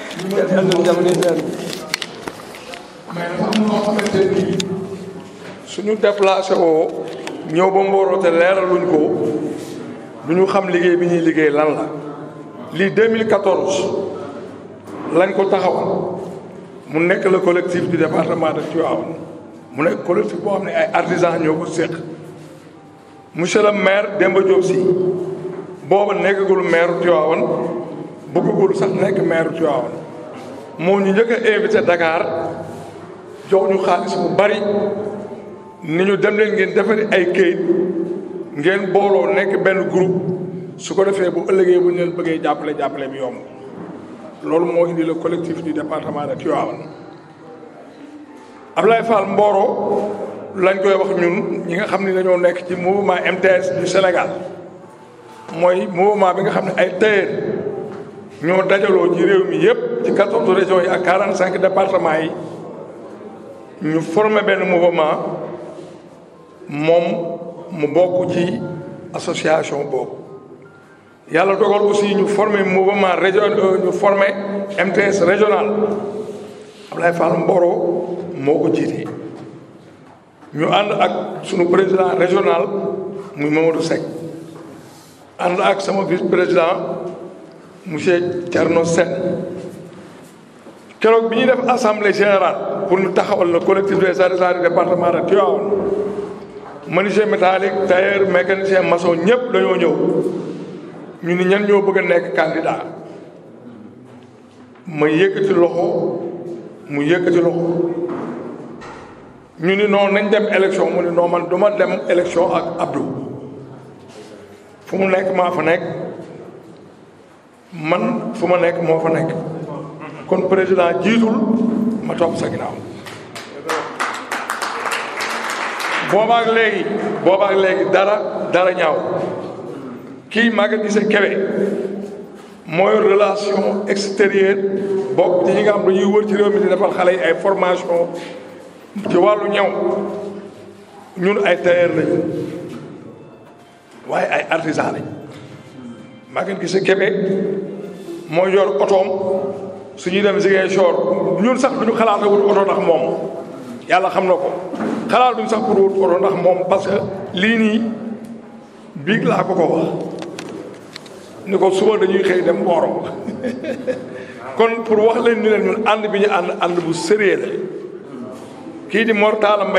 yàlla yàlla na jàmm suñu déplacé woo ñëw ba Mboro leeraluñ ko du ñu xam liggéey bi ñuy liggéey lan la. lii 2014 lañ ko taxawal mu nekk le collectif du département de Tivaouane mu nekk collectif boo xam ne ay artisans ñoo ko séq monsieur le maire Demba Diop Sy booba nekkagul maire Tivaouane bëggagul sax nekk maire Tivaouane moo ñu njëkk a invité Dakar ñu xaalis bu bari ni ñu dem ngeen defari ay këyit ngeen booloo nekk benn groupe su ko defee bu ëllëgee bu ñu bëggee jàppale jàppale bi yomb loolu moo indi le collectif du département de Tivaouane Ablaye Fall Mboro lañ koy wax ñun ñi nga xam ne dañoo nekk ci mouvement MTS du senegal mooy mouvement bi nga xam ne ay tailleur ñoo dajaloo ci réew mi yépp yëpp ci quatorze régions yi ak quarante cinq départements yi ñu formé benn mouvement moom mu bokk ji association boobu yàlla dogal aussi ñu formé mouvement région euh, ñu formé MTS régional Ablaye Fall Mboro moo ko jiite ñu ànd ak sunu président régional muy Mamadou Seck ànd ak sama vice président monsieur Thierno Sène keroog bi ñuy def assemblée général pour ñu taxawul la collectif des artisans du département de Tivaouane menuisier métallique tailleur mécanicien ñëpp dañoo ñëw ñu ni ñan ñoo bëgg a nekk candidat ma yëkkati loxo mu yëkkati loxo ñu ni noonu nañ dem élection mu ni non man du dem élection ak Abdou fu mu nekk maa fa nekk man fu ma nekk moo fa nekk kon président jiitul ma topp sa ginnaaw boobaak dara dara ñaaw kii Maguette Guissé Kébé mooy relation extérieure bokk ci ñi nga xam wër ci réew mi di defal xale yi ay formation ci wàllu ñaw ñun ay tailleur waaye ay artisan lañ Maguette Guissé Kébé moo otoom suñuy dem Ziguinchor ñun sax duñu xalaat wut oto ndax moom yàlla xam na ko xalaat duñu sax pour wut oto ndax moom parce que lii nii biig laa ko ko wax ni ko suba dañuy xëy dem Mboro kon pour wax leen leen ñun ànd bi ñu ànd ànd bu sérieux kii di Mor Talla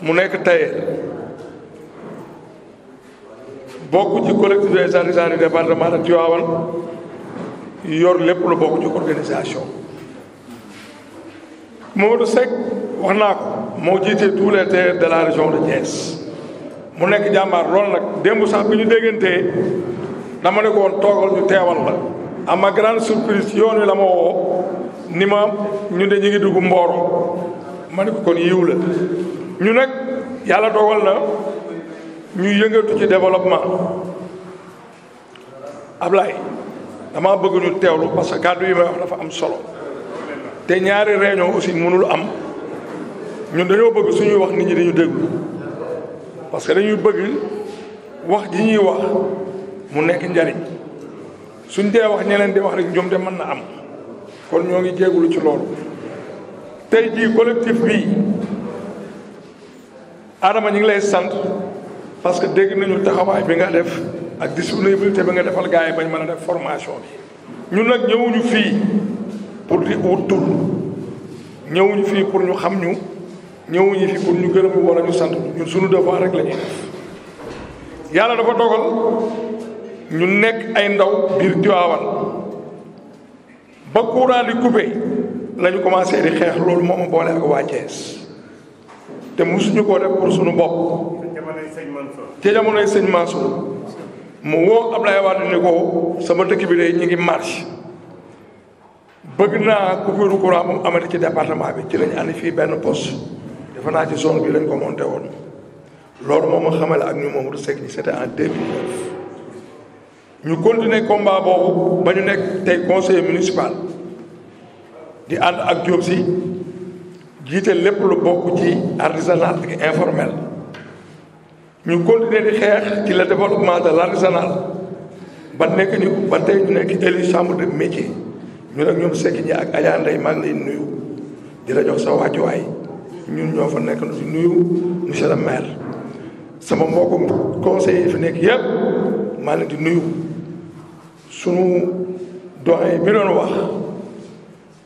mu nekk tayee bokk ci collectivité sanitaire du département a Tivaouane yor lépp lu bokk ci organisation Mamadou Seck wax naa ko moo jiite tous les de la région de Thiès mu nekk jàmbaar loolu nag démb sax bi ñu déggantee dama ne ko woon toogal ñu teewal la à ma grande surprise yoon wi la woo ni ma ñu de ñu ngi dugg Mboro ma ne ko kon ñu nag yàlla dogal na ñu yëngatu ci développement Ablaye dama bëgg ñu teewlu parce que kàddu yi may wax dafa am solo te ñaari réunion aussi mënul am ñun dañoo bëgg suñuy wax nit ñi dañu déglu parce que dañuy bëgg wax ji ñuy wax mu nekk njariñ suñ dee wax ñeneen di wax rek njom te mën na am kon ñoo ngi jéegulu ci loolu tey jii collectif bii Adama ñu ngi lay sant parce que dégg nañu taxawaay bi nga def ak disponibilité ba nga defal gars yi bañ mën a def formation bi ñun nag ñëwuñu fii pour di wut tur ñëwuñu fii pour ñu xam ñu ñëwuñu fii pour ñu gërëm wala ñu sant ñun suñu devoir rek la ñuy def yàlla dafa dogal ñu nekk ay ndaw biir Tiwaawan ba courant di coupé la ñu di xeex loolu moo ma boole ak waa Thiès te mosuñu koo def pour suñu bopp. te jamonoy sëñ Mansour. te jamonoy sëñ Mansour. mu woo Ablaye Wade ni ko sama dëkk bi de ñu ngi marche bëgg naa coupure courant bu mu amati ci département bi ci lañu andi fii benn poste defe naa ci zone bi lañ ko monté woon loolu moom ma xamale ak ñu moom du sec c'était en 2009 ñu continuer combat boobu ba ñu nekk tey conseiller municipal di ànd ak Diop si lépp lu bokk ci artisanat ak informel ñu continuer di xeex ci le développement de l'artisanal ba nekk ñu ba tey ñu nekk élu chambre de métier ñu nag ñoom sekki ñi ak Adja Ndeye maa lay nuyu di la jox sa waajuwaay ñun ñoo fa nekk di nuyu monsieur le maire sama mbokku conseillers yi fi nekk yëpp maa leen di nuyu sunu doyen mi doon wax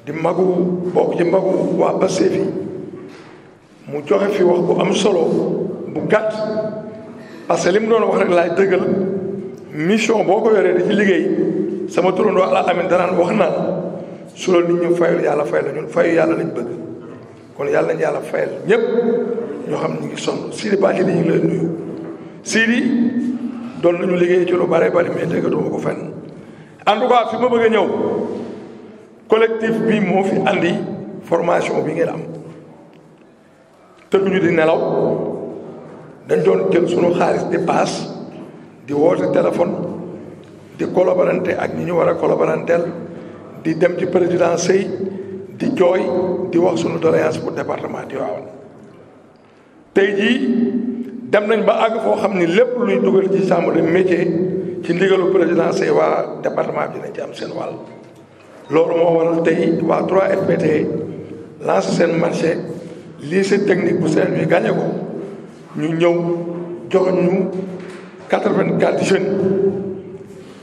di magu bokk ci magu waa Pastef fi mu joxe fi wax bu am solo bu gàtt parce que li mu doon wax rek laay dëggal mission boo ko yoree di ci liggéey sama turandoo ala amin danaan wax naan su la nit ñu fayul yàlla fay la ñun fayu yàlla lañ bëgg kon yàlla nañ yàlla fayal ñëpp ñoo xam ñu ngi sonn Sidi Badji ñu ngi nuyu Sidi doon nañu liggéey ci lu bare bari mais déggatuma ko fenn en fi ma bëgg ñëw collectif bi moo fi andi formation bi ngeen am tëdduñu di nelaw da doon jël sunu xaalis di paas di woote téléphone di collaborante ak ñi ñu war a collaboranteel di dem ci président Seye di jooy di wax sunu doléance pour département Tivaouane tey jii dem nañ ba àgg foo xam ni lépp luy dugal ci chambre de métier ci ndigalu président Seye waa département bi nañ ci am seen wàll loolu moo waral tey waa 3FPT lancé seen marché lycée technique bu seen bi gagné ko ñu ñëw jox ñu quatre-vingt-quatre jeunes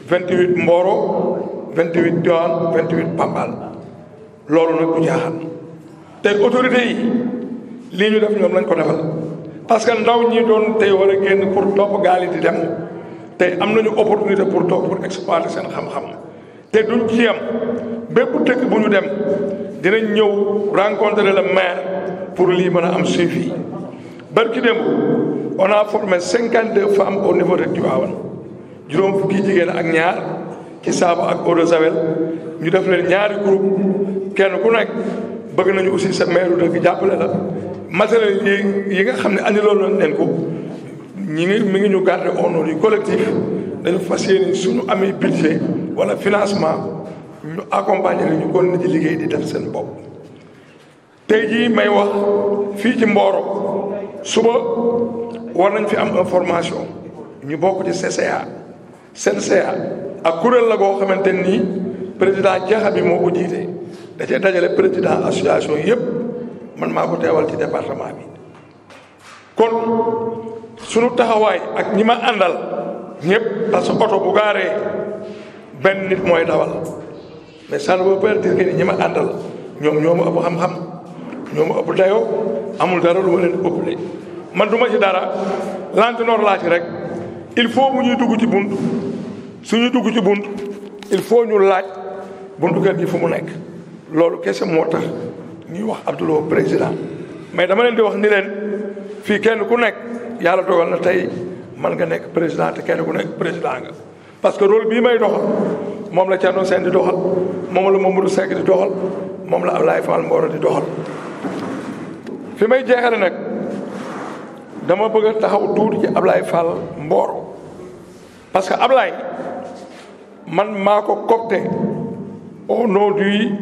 vingt-huit Mboro vingt-huit Tivaouane vingt-huit Pambal loolu nag du jaaxal te autorités yi lii ñu def ñoom lañ ko defal parce que ndaw ñi doon tey war a génn pour topp gaal yi di dem tey am nañu opportunité pour toog pour exploiter seen xam-xam te duñ ci yem bépp dëkk bu ñu dem dinañ ñëw rencontrer la maire pour lii mën a am suivi. barki démb on a formé cinquante deux femmes au de Tivaouane juróom fukki jigéen ak ñaar ci saabu ak eau sawel ñu def leen ñaari groupe kenn ku nekk bëgg nañu aussi sa maire dëkk jàppale la matériel yi yi nga xam ne andi loolu nañ leen ko ñi ngi mi ngi ñu garder au nom du collectif dañu fas yéene suñu amee budget walla financement ñu accompagner li ñu kon na ci liggéey di def seen bopp tey jii may wax fii ci Mboro suba war nañ fi am information ñu bokk ci CCA CNCA ak kuréel la goo xamante ni président jaxa bi moo ko jiite da cee dajale président association yépp man maa ko teewal ci département bi kon sunu taxawaay ak ñi ma àndal ñëpp parce que oto bu gaaree benn nit mooy dawal mais ça ne veut pas dire que ni ñi ma àndal ñoom ñoo ma ëpp xam-xam ñoo ma ëpp dayoo amul dara lu ma leen ëppale man du ma ci dara lantinoor laa ci rek il faut mu ñuy dugg ci bunt suñu dugg ci bunt il faut ñu laaj buntu kër gi fu mu nekk loolu kese moo tax ñuy wax Abdoulaye président mais dama leen di wax ni fii kenn ku nekk yàlla dogal na tey man nga nekk président te ku nekk président nga parce que rôle bii may doxal moom la Thierno seen di doxal moom la moom Mamadou Seck di doxal moom la Ablaye Fall Mboro di doxal fi may jeexale nag dama bëgg a taxaw tuuti ci Ablaye Fall Mboro parce que Ablaye man maa ko coopté au nom du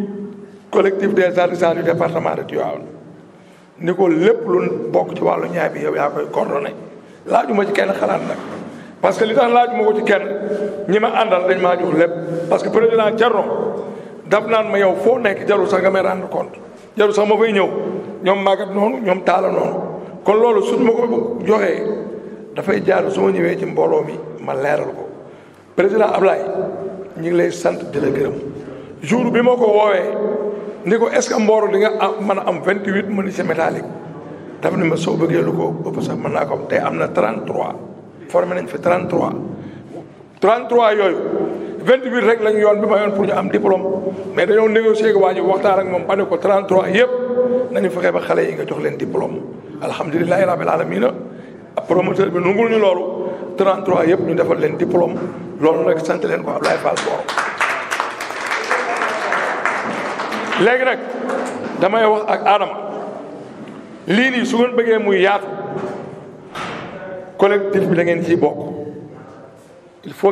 collectif des artisans du département de Tivaouane ni ko lépp lu bokk ci wàllu ñaay bi yow yaa koy coordonné laajuma ci kenn xalaat parce que li tax laajuma ko ci kenn ñi ma àndal dañ maa jox lépp parce que président Thierno daf naan ma yow foo nekk jarul sax nga may rendre compte jarul sax ma fay ñëw ñoom màggat noonu ñoom taala noonu kon loolu suñu ma ko joxee dafay jaar su ma ñëwee ci mbooloo mi ma leeral ko président Ablaye ñu ngi lay sant di la gërëm jour bi moo ko woowee ni ko est-ce que mbooro di nga am mën a am vingt huit menuisiers métalliques dafa ne ma soo bëggee lu ko ëpp sax mën naa ko am tey am na trente trois formé nañ fi trente trois yooyu 28 rek lañu yoon bi mayoon pour ñu am diplôme mais dañoo négocier ko waa ji waxtaan ak moom ba ne ko 33 yëpp nañu fexe ba xale yi nga jox leen diplôme alhamdulilahi rabil a promoteur bi nungul ñu loolu 33 yëpp ñu defal leen diplôme loolu nag sant leen ko Ablaye Fall Boro léegi nag damay wax ak Adama lii nii su ngeen bëggee muy yaatu collectif bi da ngeen ciy bokk il faut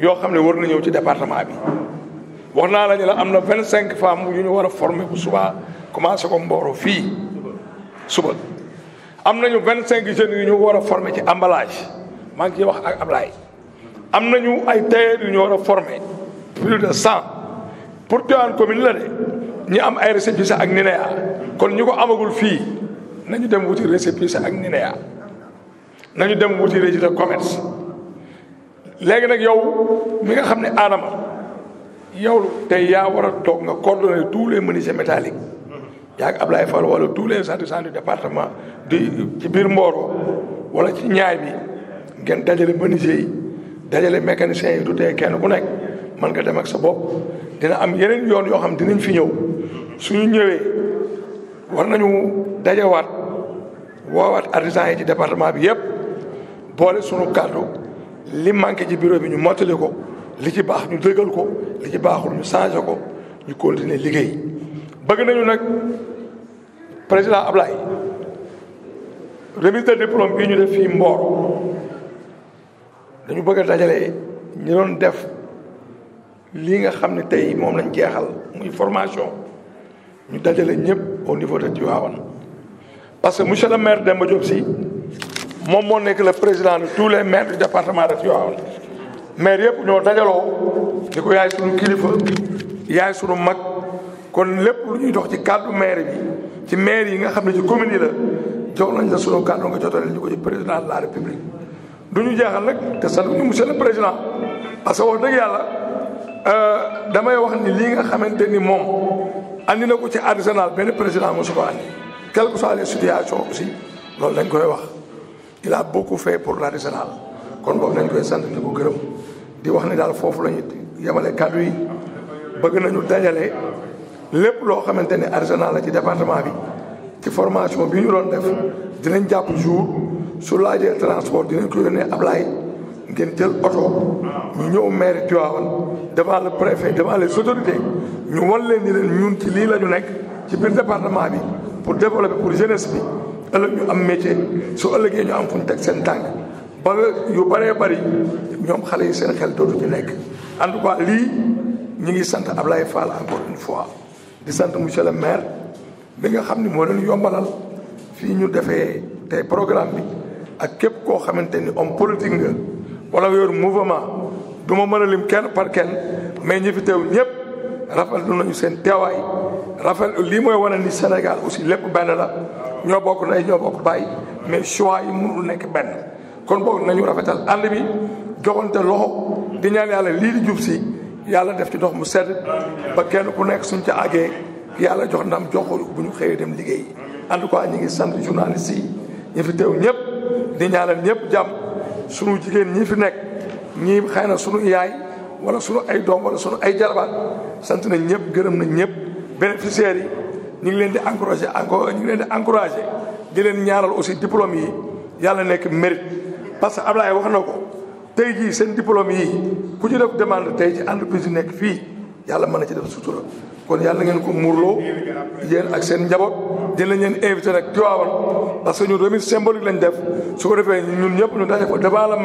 yoo xam ne war na ñëw ci département bi wax naa la la am na vingt cinq femmes yu ñu war a former bu subaa commencé ko Mboro fii suba am nañu vingt cinq jeunes yu ñu war a former ci emballage maa ngi ciy wax ak Ablaye am nañu ay tailleurs yu ñu war a former plus de cent pour Tivaouane commune la de ñi am ay récépissé ak NINEA kon ñu ko amagul fii nañu dem wuti récépissé ak NINEA nañu dem wuti registre commerce léegi nag yow mi nga xam ne aadama yow tey yaa war a toog nga coordonner tous les menuisiers métalliques yaa ab Ablaye Fall wala tous les centres du département di ci biir Mboro wala ci ñaay bi ngeen dajale menuisiers dajale mécaniciens yi du tey kenn ku nekk mën nga dem ak sa bopp dina am yeneen yoon yoo xam dinañ fi ñëw suñu ñëwee war nañu dajawaat woowaat artisans yi ci département bi yëpp boole suñu kàddu li manqué ci bureau bi ñu mottali ko li ci baax ñu dëggal ko li ci baaxul ñu changé ko ñu continuer liggéey bëgg nañu nag président Ablaye remise de diplôme bii ñu def fii Mbour dañu bëgg a dajale ñu doon def lii nga xam ne tey moom lañ jeexal mu formation ñu dajale ñëpp au niveau de Tivaouane parce que monsieur le maire Demba Diop moom moo nekk le président de tous les maires du département de Tivaouane maire yëpp ñoo dajaloo di ko yaay suñu kilifa yaay suñu mag kon lépp lu ñuy jox ci kàddu maire bi ci maire yi nga xam ne ci commune yi la jox nañ la suñu kàddu nga jotale ñu ko ci président de la république du ñu jeexal nag te saluñu monsieur le président parce que wax dëgg yàlla euh, damay wax ni lii nga xamante ni moom andi na ko ci arsenal benn président mosu ko andi quelle que soit les situations aussi loolu dañ koy wax il a beaucoup fait pour la régionale kon boog nañ koy sant di ko gërëm di wax ni daal foofu la ñu yemale kàddu yi bëgg nañu dajale lépp loo xamante ni arsenal la ci département bi ci formation bi ñu doon def dinañ jàpp jour su laajee transport dinañ ko yónnee Ablaye ngeen jël oto ñu ñëw maire Tivaouane devant le préfet devant les autorités ñu wan leen ni leen ñun ci lii la ñu nekk ci biir département bi pour développer pour jeunesse bi ëllëg ñu am métier su ëllëgee ñu am fu ñu teg seen tànk ba yu bëree bëri ñoom xale yi seen xel dootu ñu nekk en tout cas lii ñu ngi sant Ablaye Fall encore une fois di sant monsieur le maire bi nga xam ni moo leen yombalal fii ñu defee tey programme bi ak képp koo xamante ni homme politique nga wala nga yor mouvement du ma mën a lim kenn par kenn mais ñi fi teew ñëpp rafetlu nañu seen teewaay rafet lii mooy wane nii Sénégal aussi lépp benn la ñoo bokk nay ñoo bokk bàyyi mais choix yi mënul nekk benn kon boog nañu rafetal ànd bi joxante loxo di ñaan yàlla lii di jub si yàlla def ci ndox mu sedd ba kenn ku nekk suñ ca àggee yàlla jox ndam jox ko bu ñu xëyee dem liggéey en tout cas ñu ngi sant journaliste yi ñi fi teew ñëpp di ñaanal ñëpp jàmm sunu jigéen ñi fi nekk ñi xëy na suñu yaay wala sunu ay doom wala sunu ay jarbaat sant nañ ñëpp gërëm nañ ñëpp bénéficiaires yi ñu ngi leen di encouragé encore ñu ngi leen di encouragé di leen ñaanal aussi diplôme yi yàlla nekk mérite. parce que Ablaye wax na ko tey jii seen diplôme yi ku ci def demande tey ci entreprise nekk fii yàlla mën na ci def sutura kon yàlla ngeen ko muurloo yéen ak seen njaboot di leen ñeen invité nag Tiwaawan parce que ñun remise symbolique leen def su ko defee ñun ñëpp ñu daje ko devant le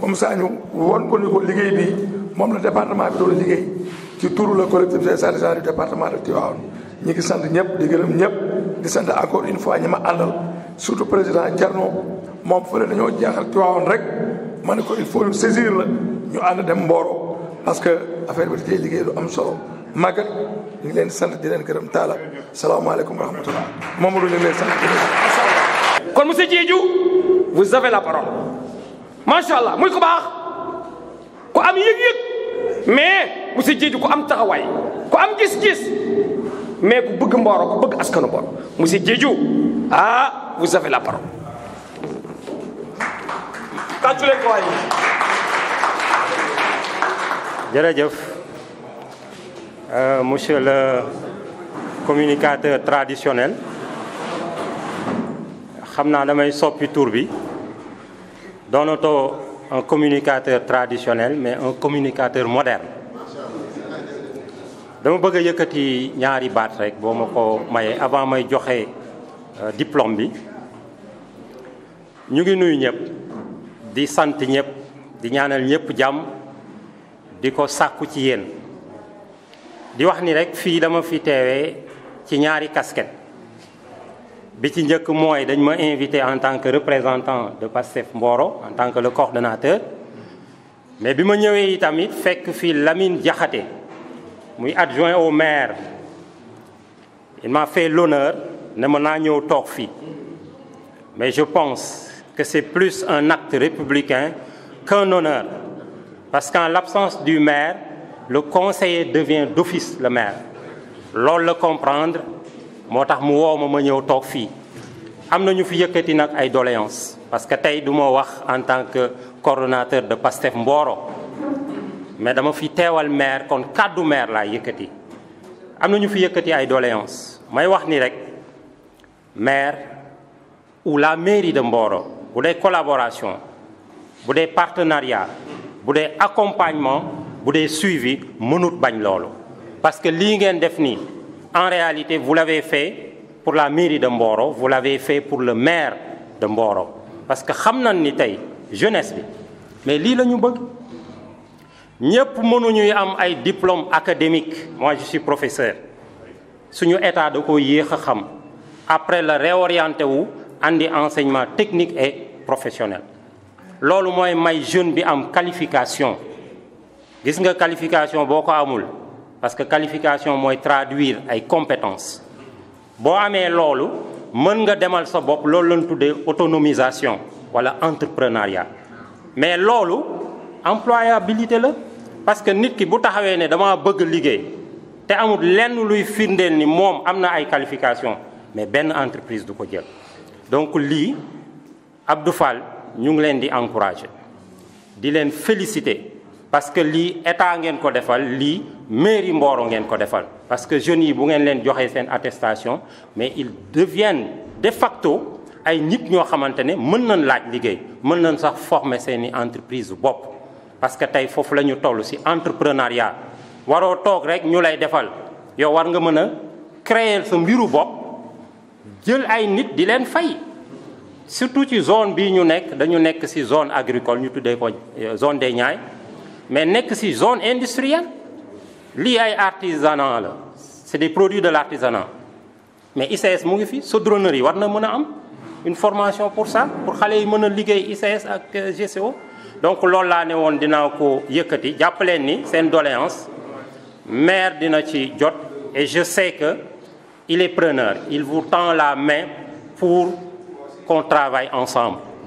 comme ça ñu won ko ni liggéey bi moom la département bi doon liggéey ci turu la collectivité territoriale du département de Tivaouane ñi ngi sant ñëpp di gërëm ñëpp di sant encore une fois ñi ma àndal surtout président Thierno moom fële dañoo jaaxal Tivaouane rek ma ne ko il faut ñu saisir la ñu ànd dem Mboro parce que affaire bi da cee liggéey lu am solo màggat ñu leen di sant di leen gërëm taala salaamaaleykum wa rahmatullah Mamadou ñu ngi leen sant kon monsieur Diédhiou vous avez la parole macha allah mais monsieur Diédhiou ku am taxawaay ku am gis-gis mais ku bëgg Mboro ku bëgg askanu Mboro monsieur Diédhiou ah vous avez la parole. tàccu leen ko waay. monsieur le communicateur traditionnel xam naa damay soppi tur bi doonatoo. un communicateur traditionnel mais un communicateur moderne dama bëgg a yëkkati ñaari baat rek boo ma ko mayee avant may joxe euh, diplôme bi ñu ngi nuyu ñëpp di sant ñëpp di ñaanal ñëpp jàmm di ko sakku ci yeen di wax ni rek fi dama fi téwé ci ñaari casquette bi ci dañ invité en tant que représentant de Passef Mboro en tant que le coordonnateur mais bima ñëwé itamit fekk fi Lamine Diakhaté adjoint au maire il m'a fait l'honneur de mon na ñëw mais je pense que c'est plus un acte républicain qu'un honneur parce qu'en l'absence du maire le conseiller devient d'office le maire Lors le comprendre motax mu woo ma ñew tok fi amna ñu fi yëkëti nak ay doléances parce que tay du wax en tant que coordonnateur de PASTEF Mboro mais dama fi téwal maire kon kàddu maire la yëkëti amna ñu fi yëkëti ay doléances may wax ni rek maire ou la mairie de Mboro bu dee collaboration bu dee partenariat bu dee accompagnement bu dee suivi mënut bañ loolu parce que li ngeen def ni en réalité, vous l'avez fait pour la mairie de Mboro, vous l'avez fait pour le maire de Mboro. Parce que nous nañ ni jeunesse bi mais ce que nous voulons. Nous pouvons am ay diplôme académique moi je suis professeur suñu état da ko yéex après la réorienté en andi enseignement technique et professionnel Lorsque je may jeune bi am qualification gis nga qualification boo ko parce que qualification moy traduire ay compétences bo amé lolu mën nga démal sa bop lolu lañ tuddé autonomisation wala entrepreneuriat mais lolu employabilité la parce que nit ki bu taxawé né dama bëgg liggéey té amut lenn luy findel ni mom amna ay qualification mais ben entreprise du ko jël donc li Abdou Fall ñu ngi leen di encourager di leen féliciter parce que li état ngeen ko defal li mairie Mboro ngeen ko defal parce que jeunes yi bu ngeen len joxee sen attestation mais ils deviennent de facto ay nit ñoo xamante ne mën nañ laaj liggéey mën nañ sax former seeni entreprise bop parce que tay fofu lañu tollu ci entrepreneuriat waro tok rek ñu lay defal yow war nga mëna a créer sa mbiru bop jël ay nit di len fay surtout ci zone bi ñu nekk dañu nekk ci zone agricole ñu tuddee ko euh, zone des Niayes mais nest ci zone industrielle lii ay artisanat c'est des produits de l'artisanat mais ICS c'est fi une formation pour ça pour que yi avec a ICS ak euh, GCO donc là, nous ne dit dinaa ko a plein de doléance maire de ci et je sais que il est preneur il vous tend la main pour qu'on travaille ensemble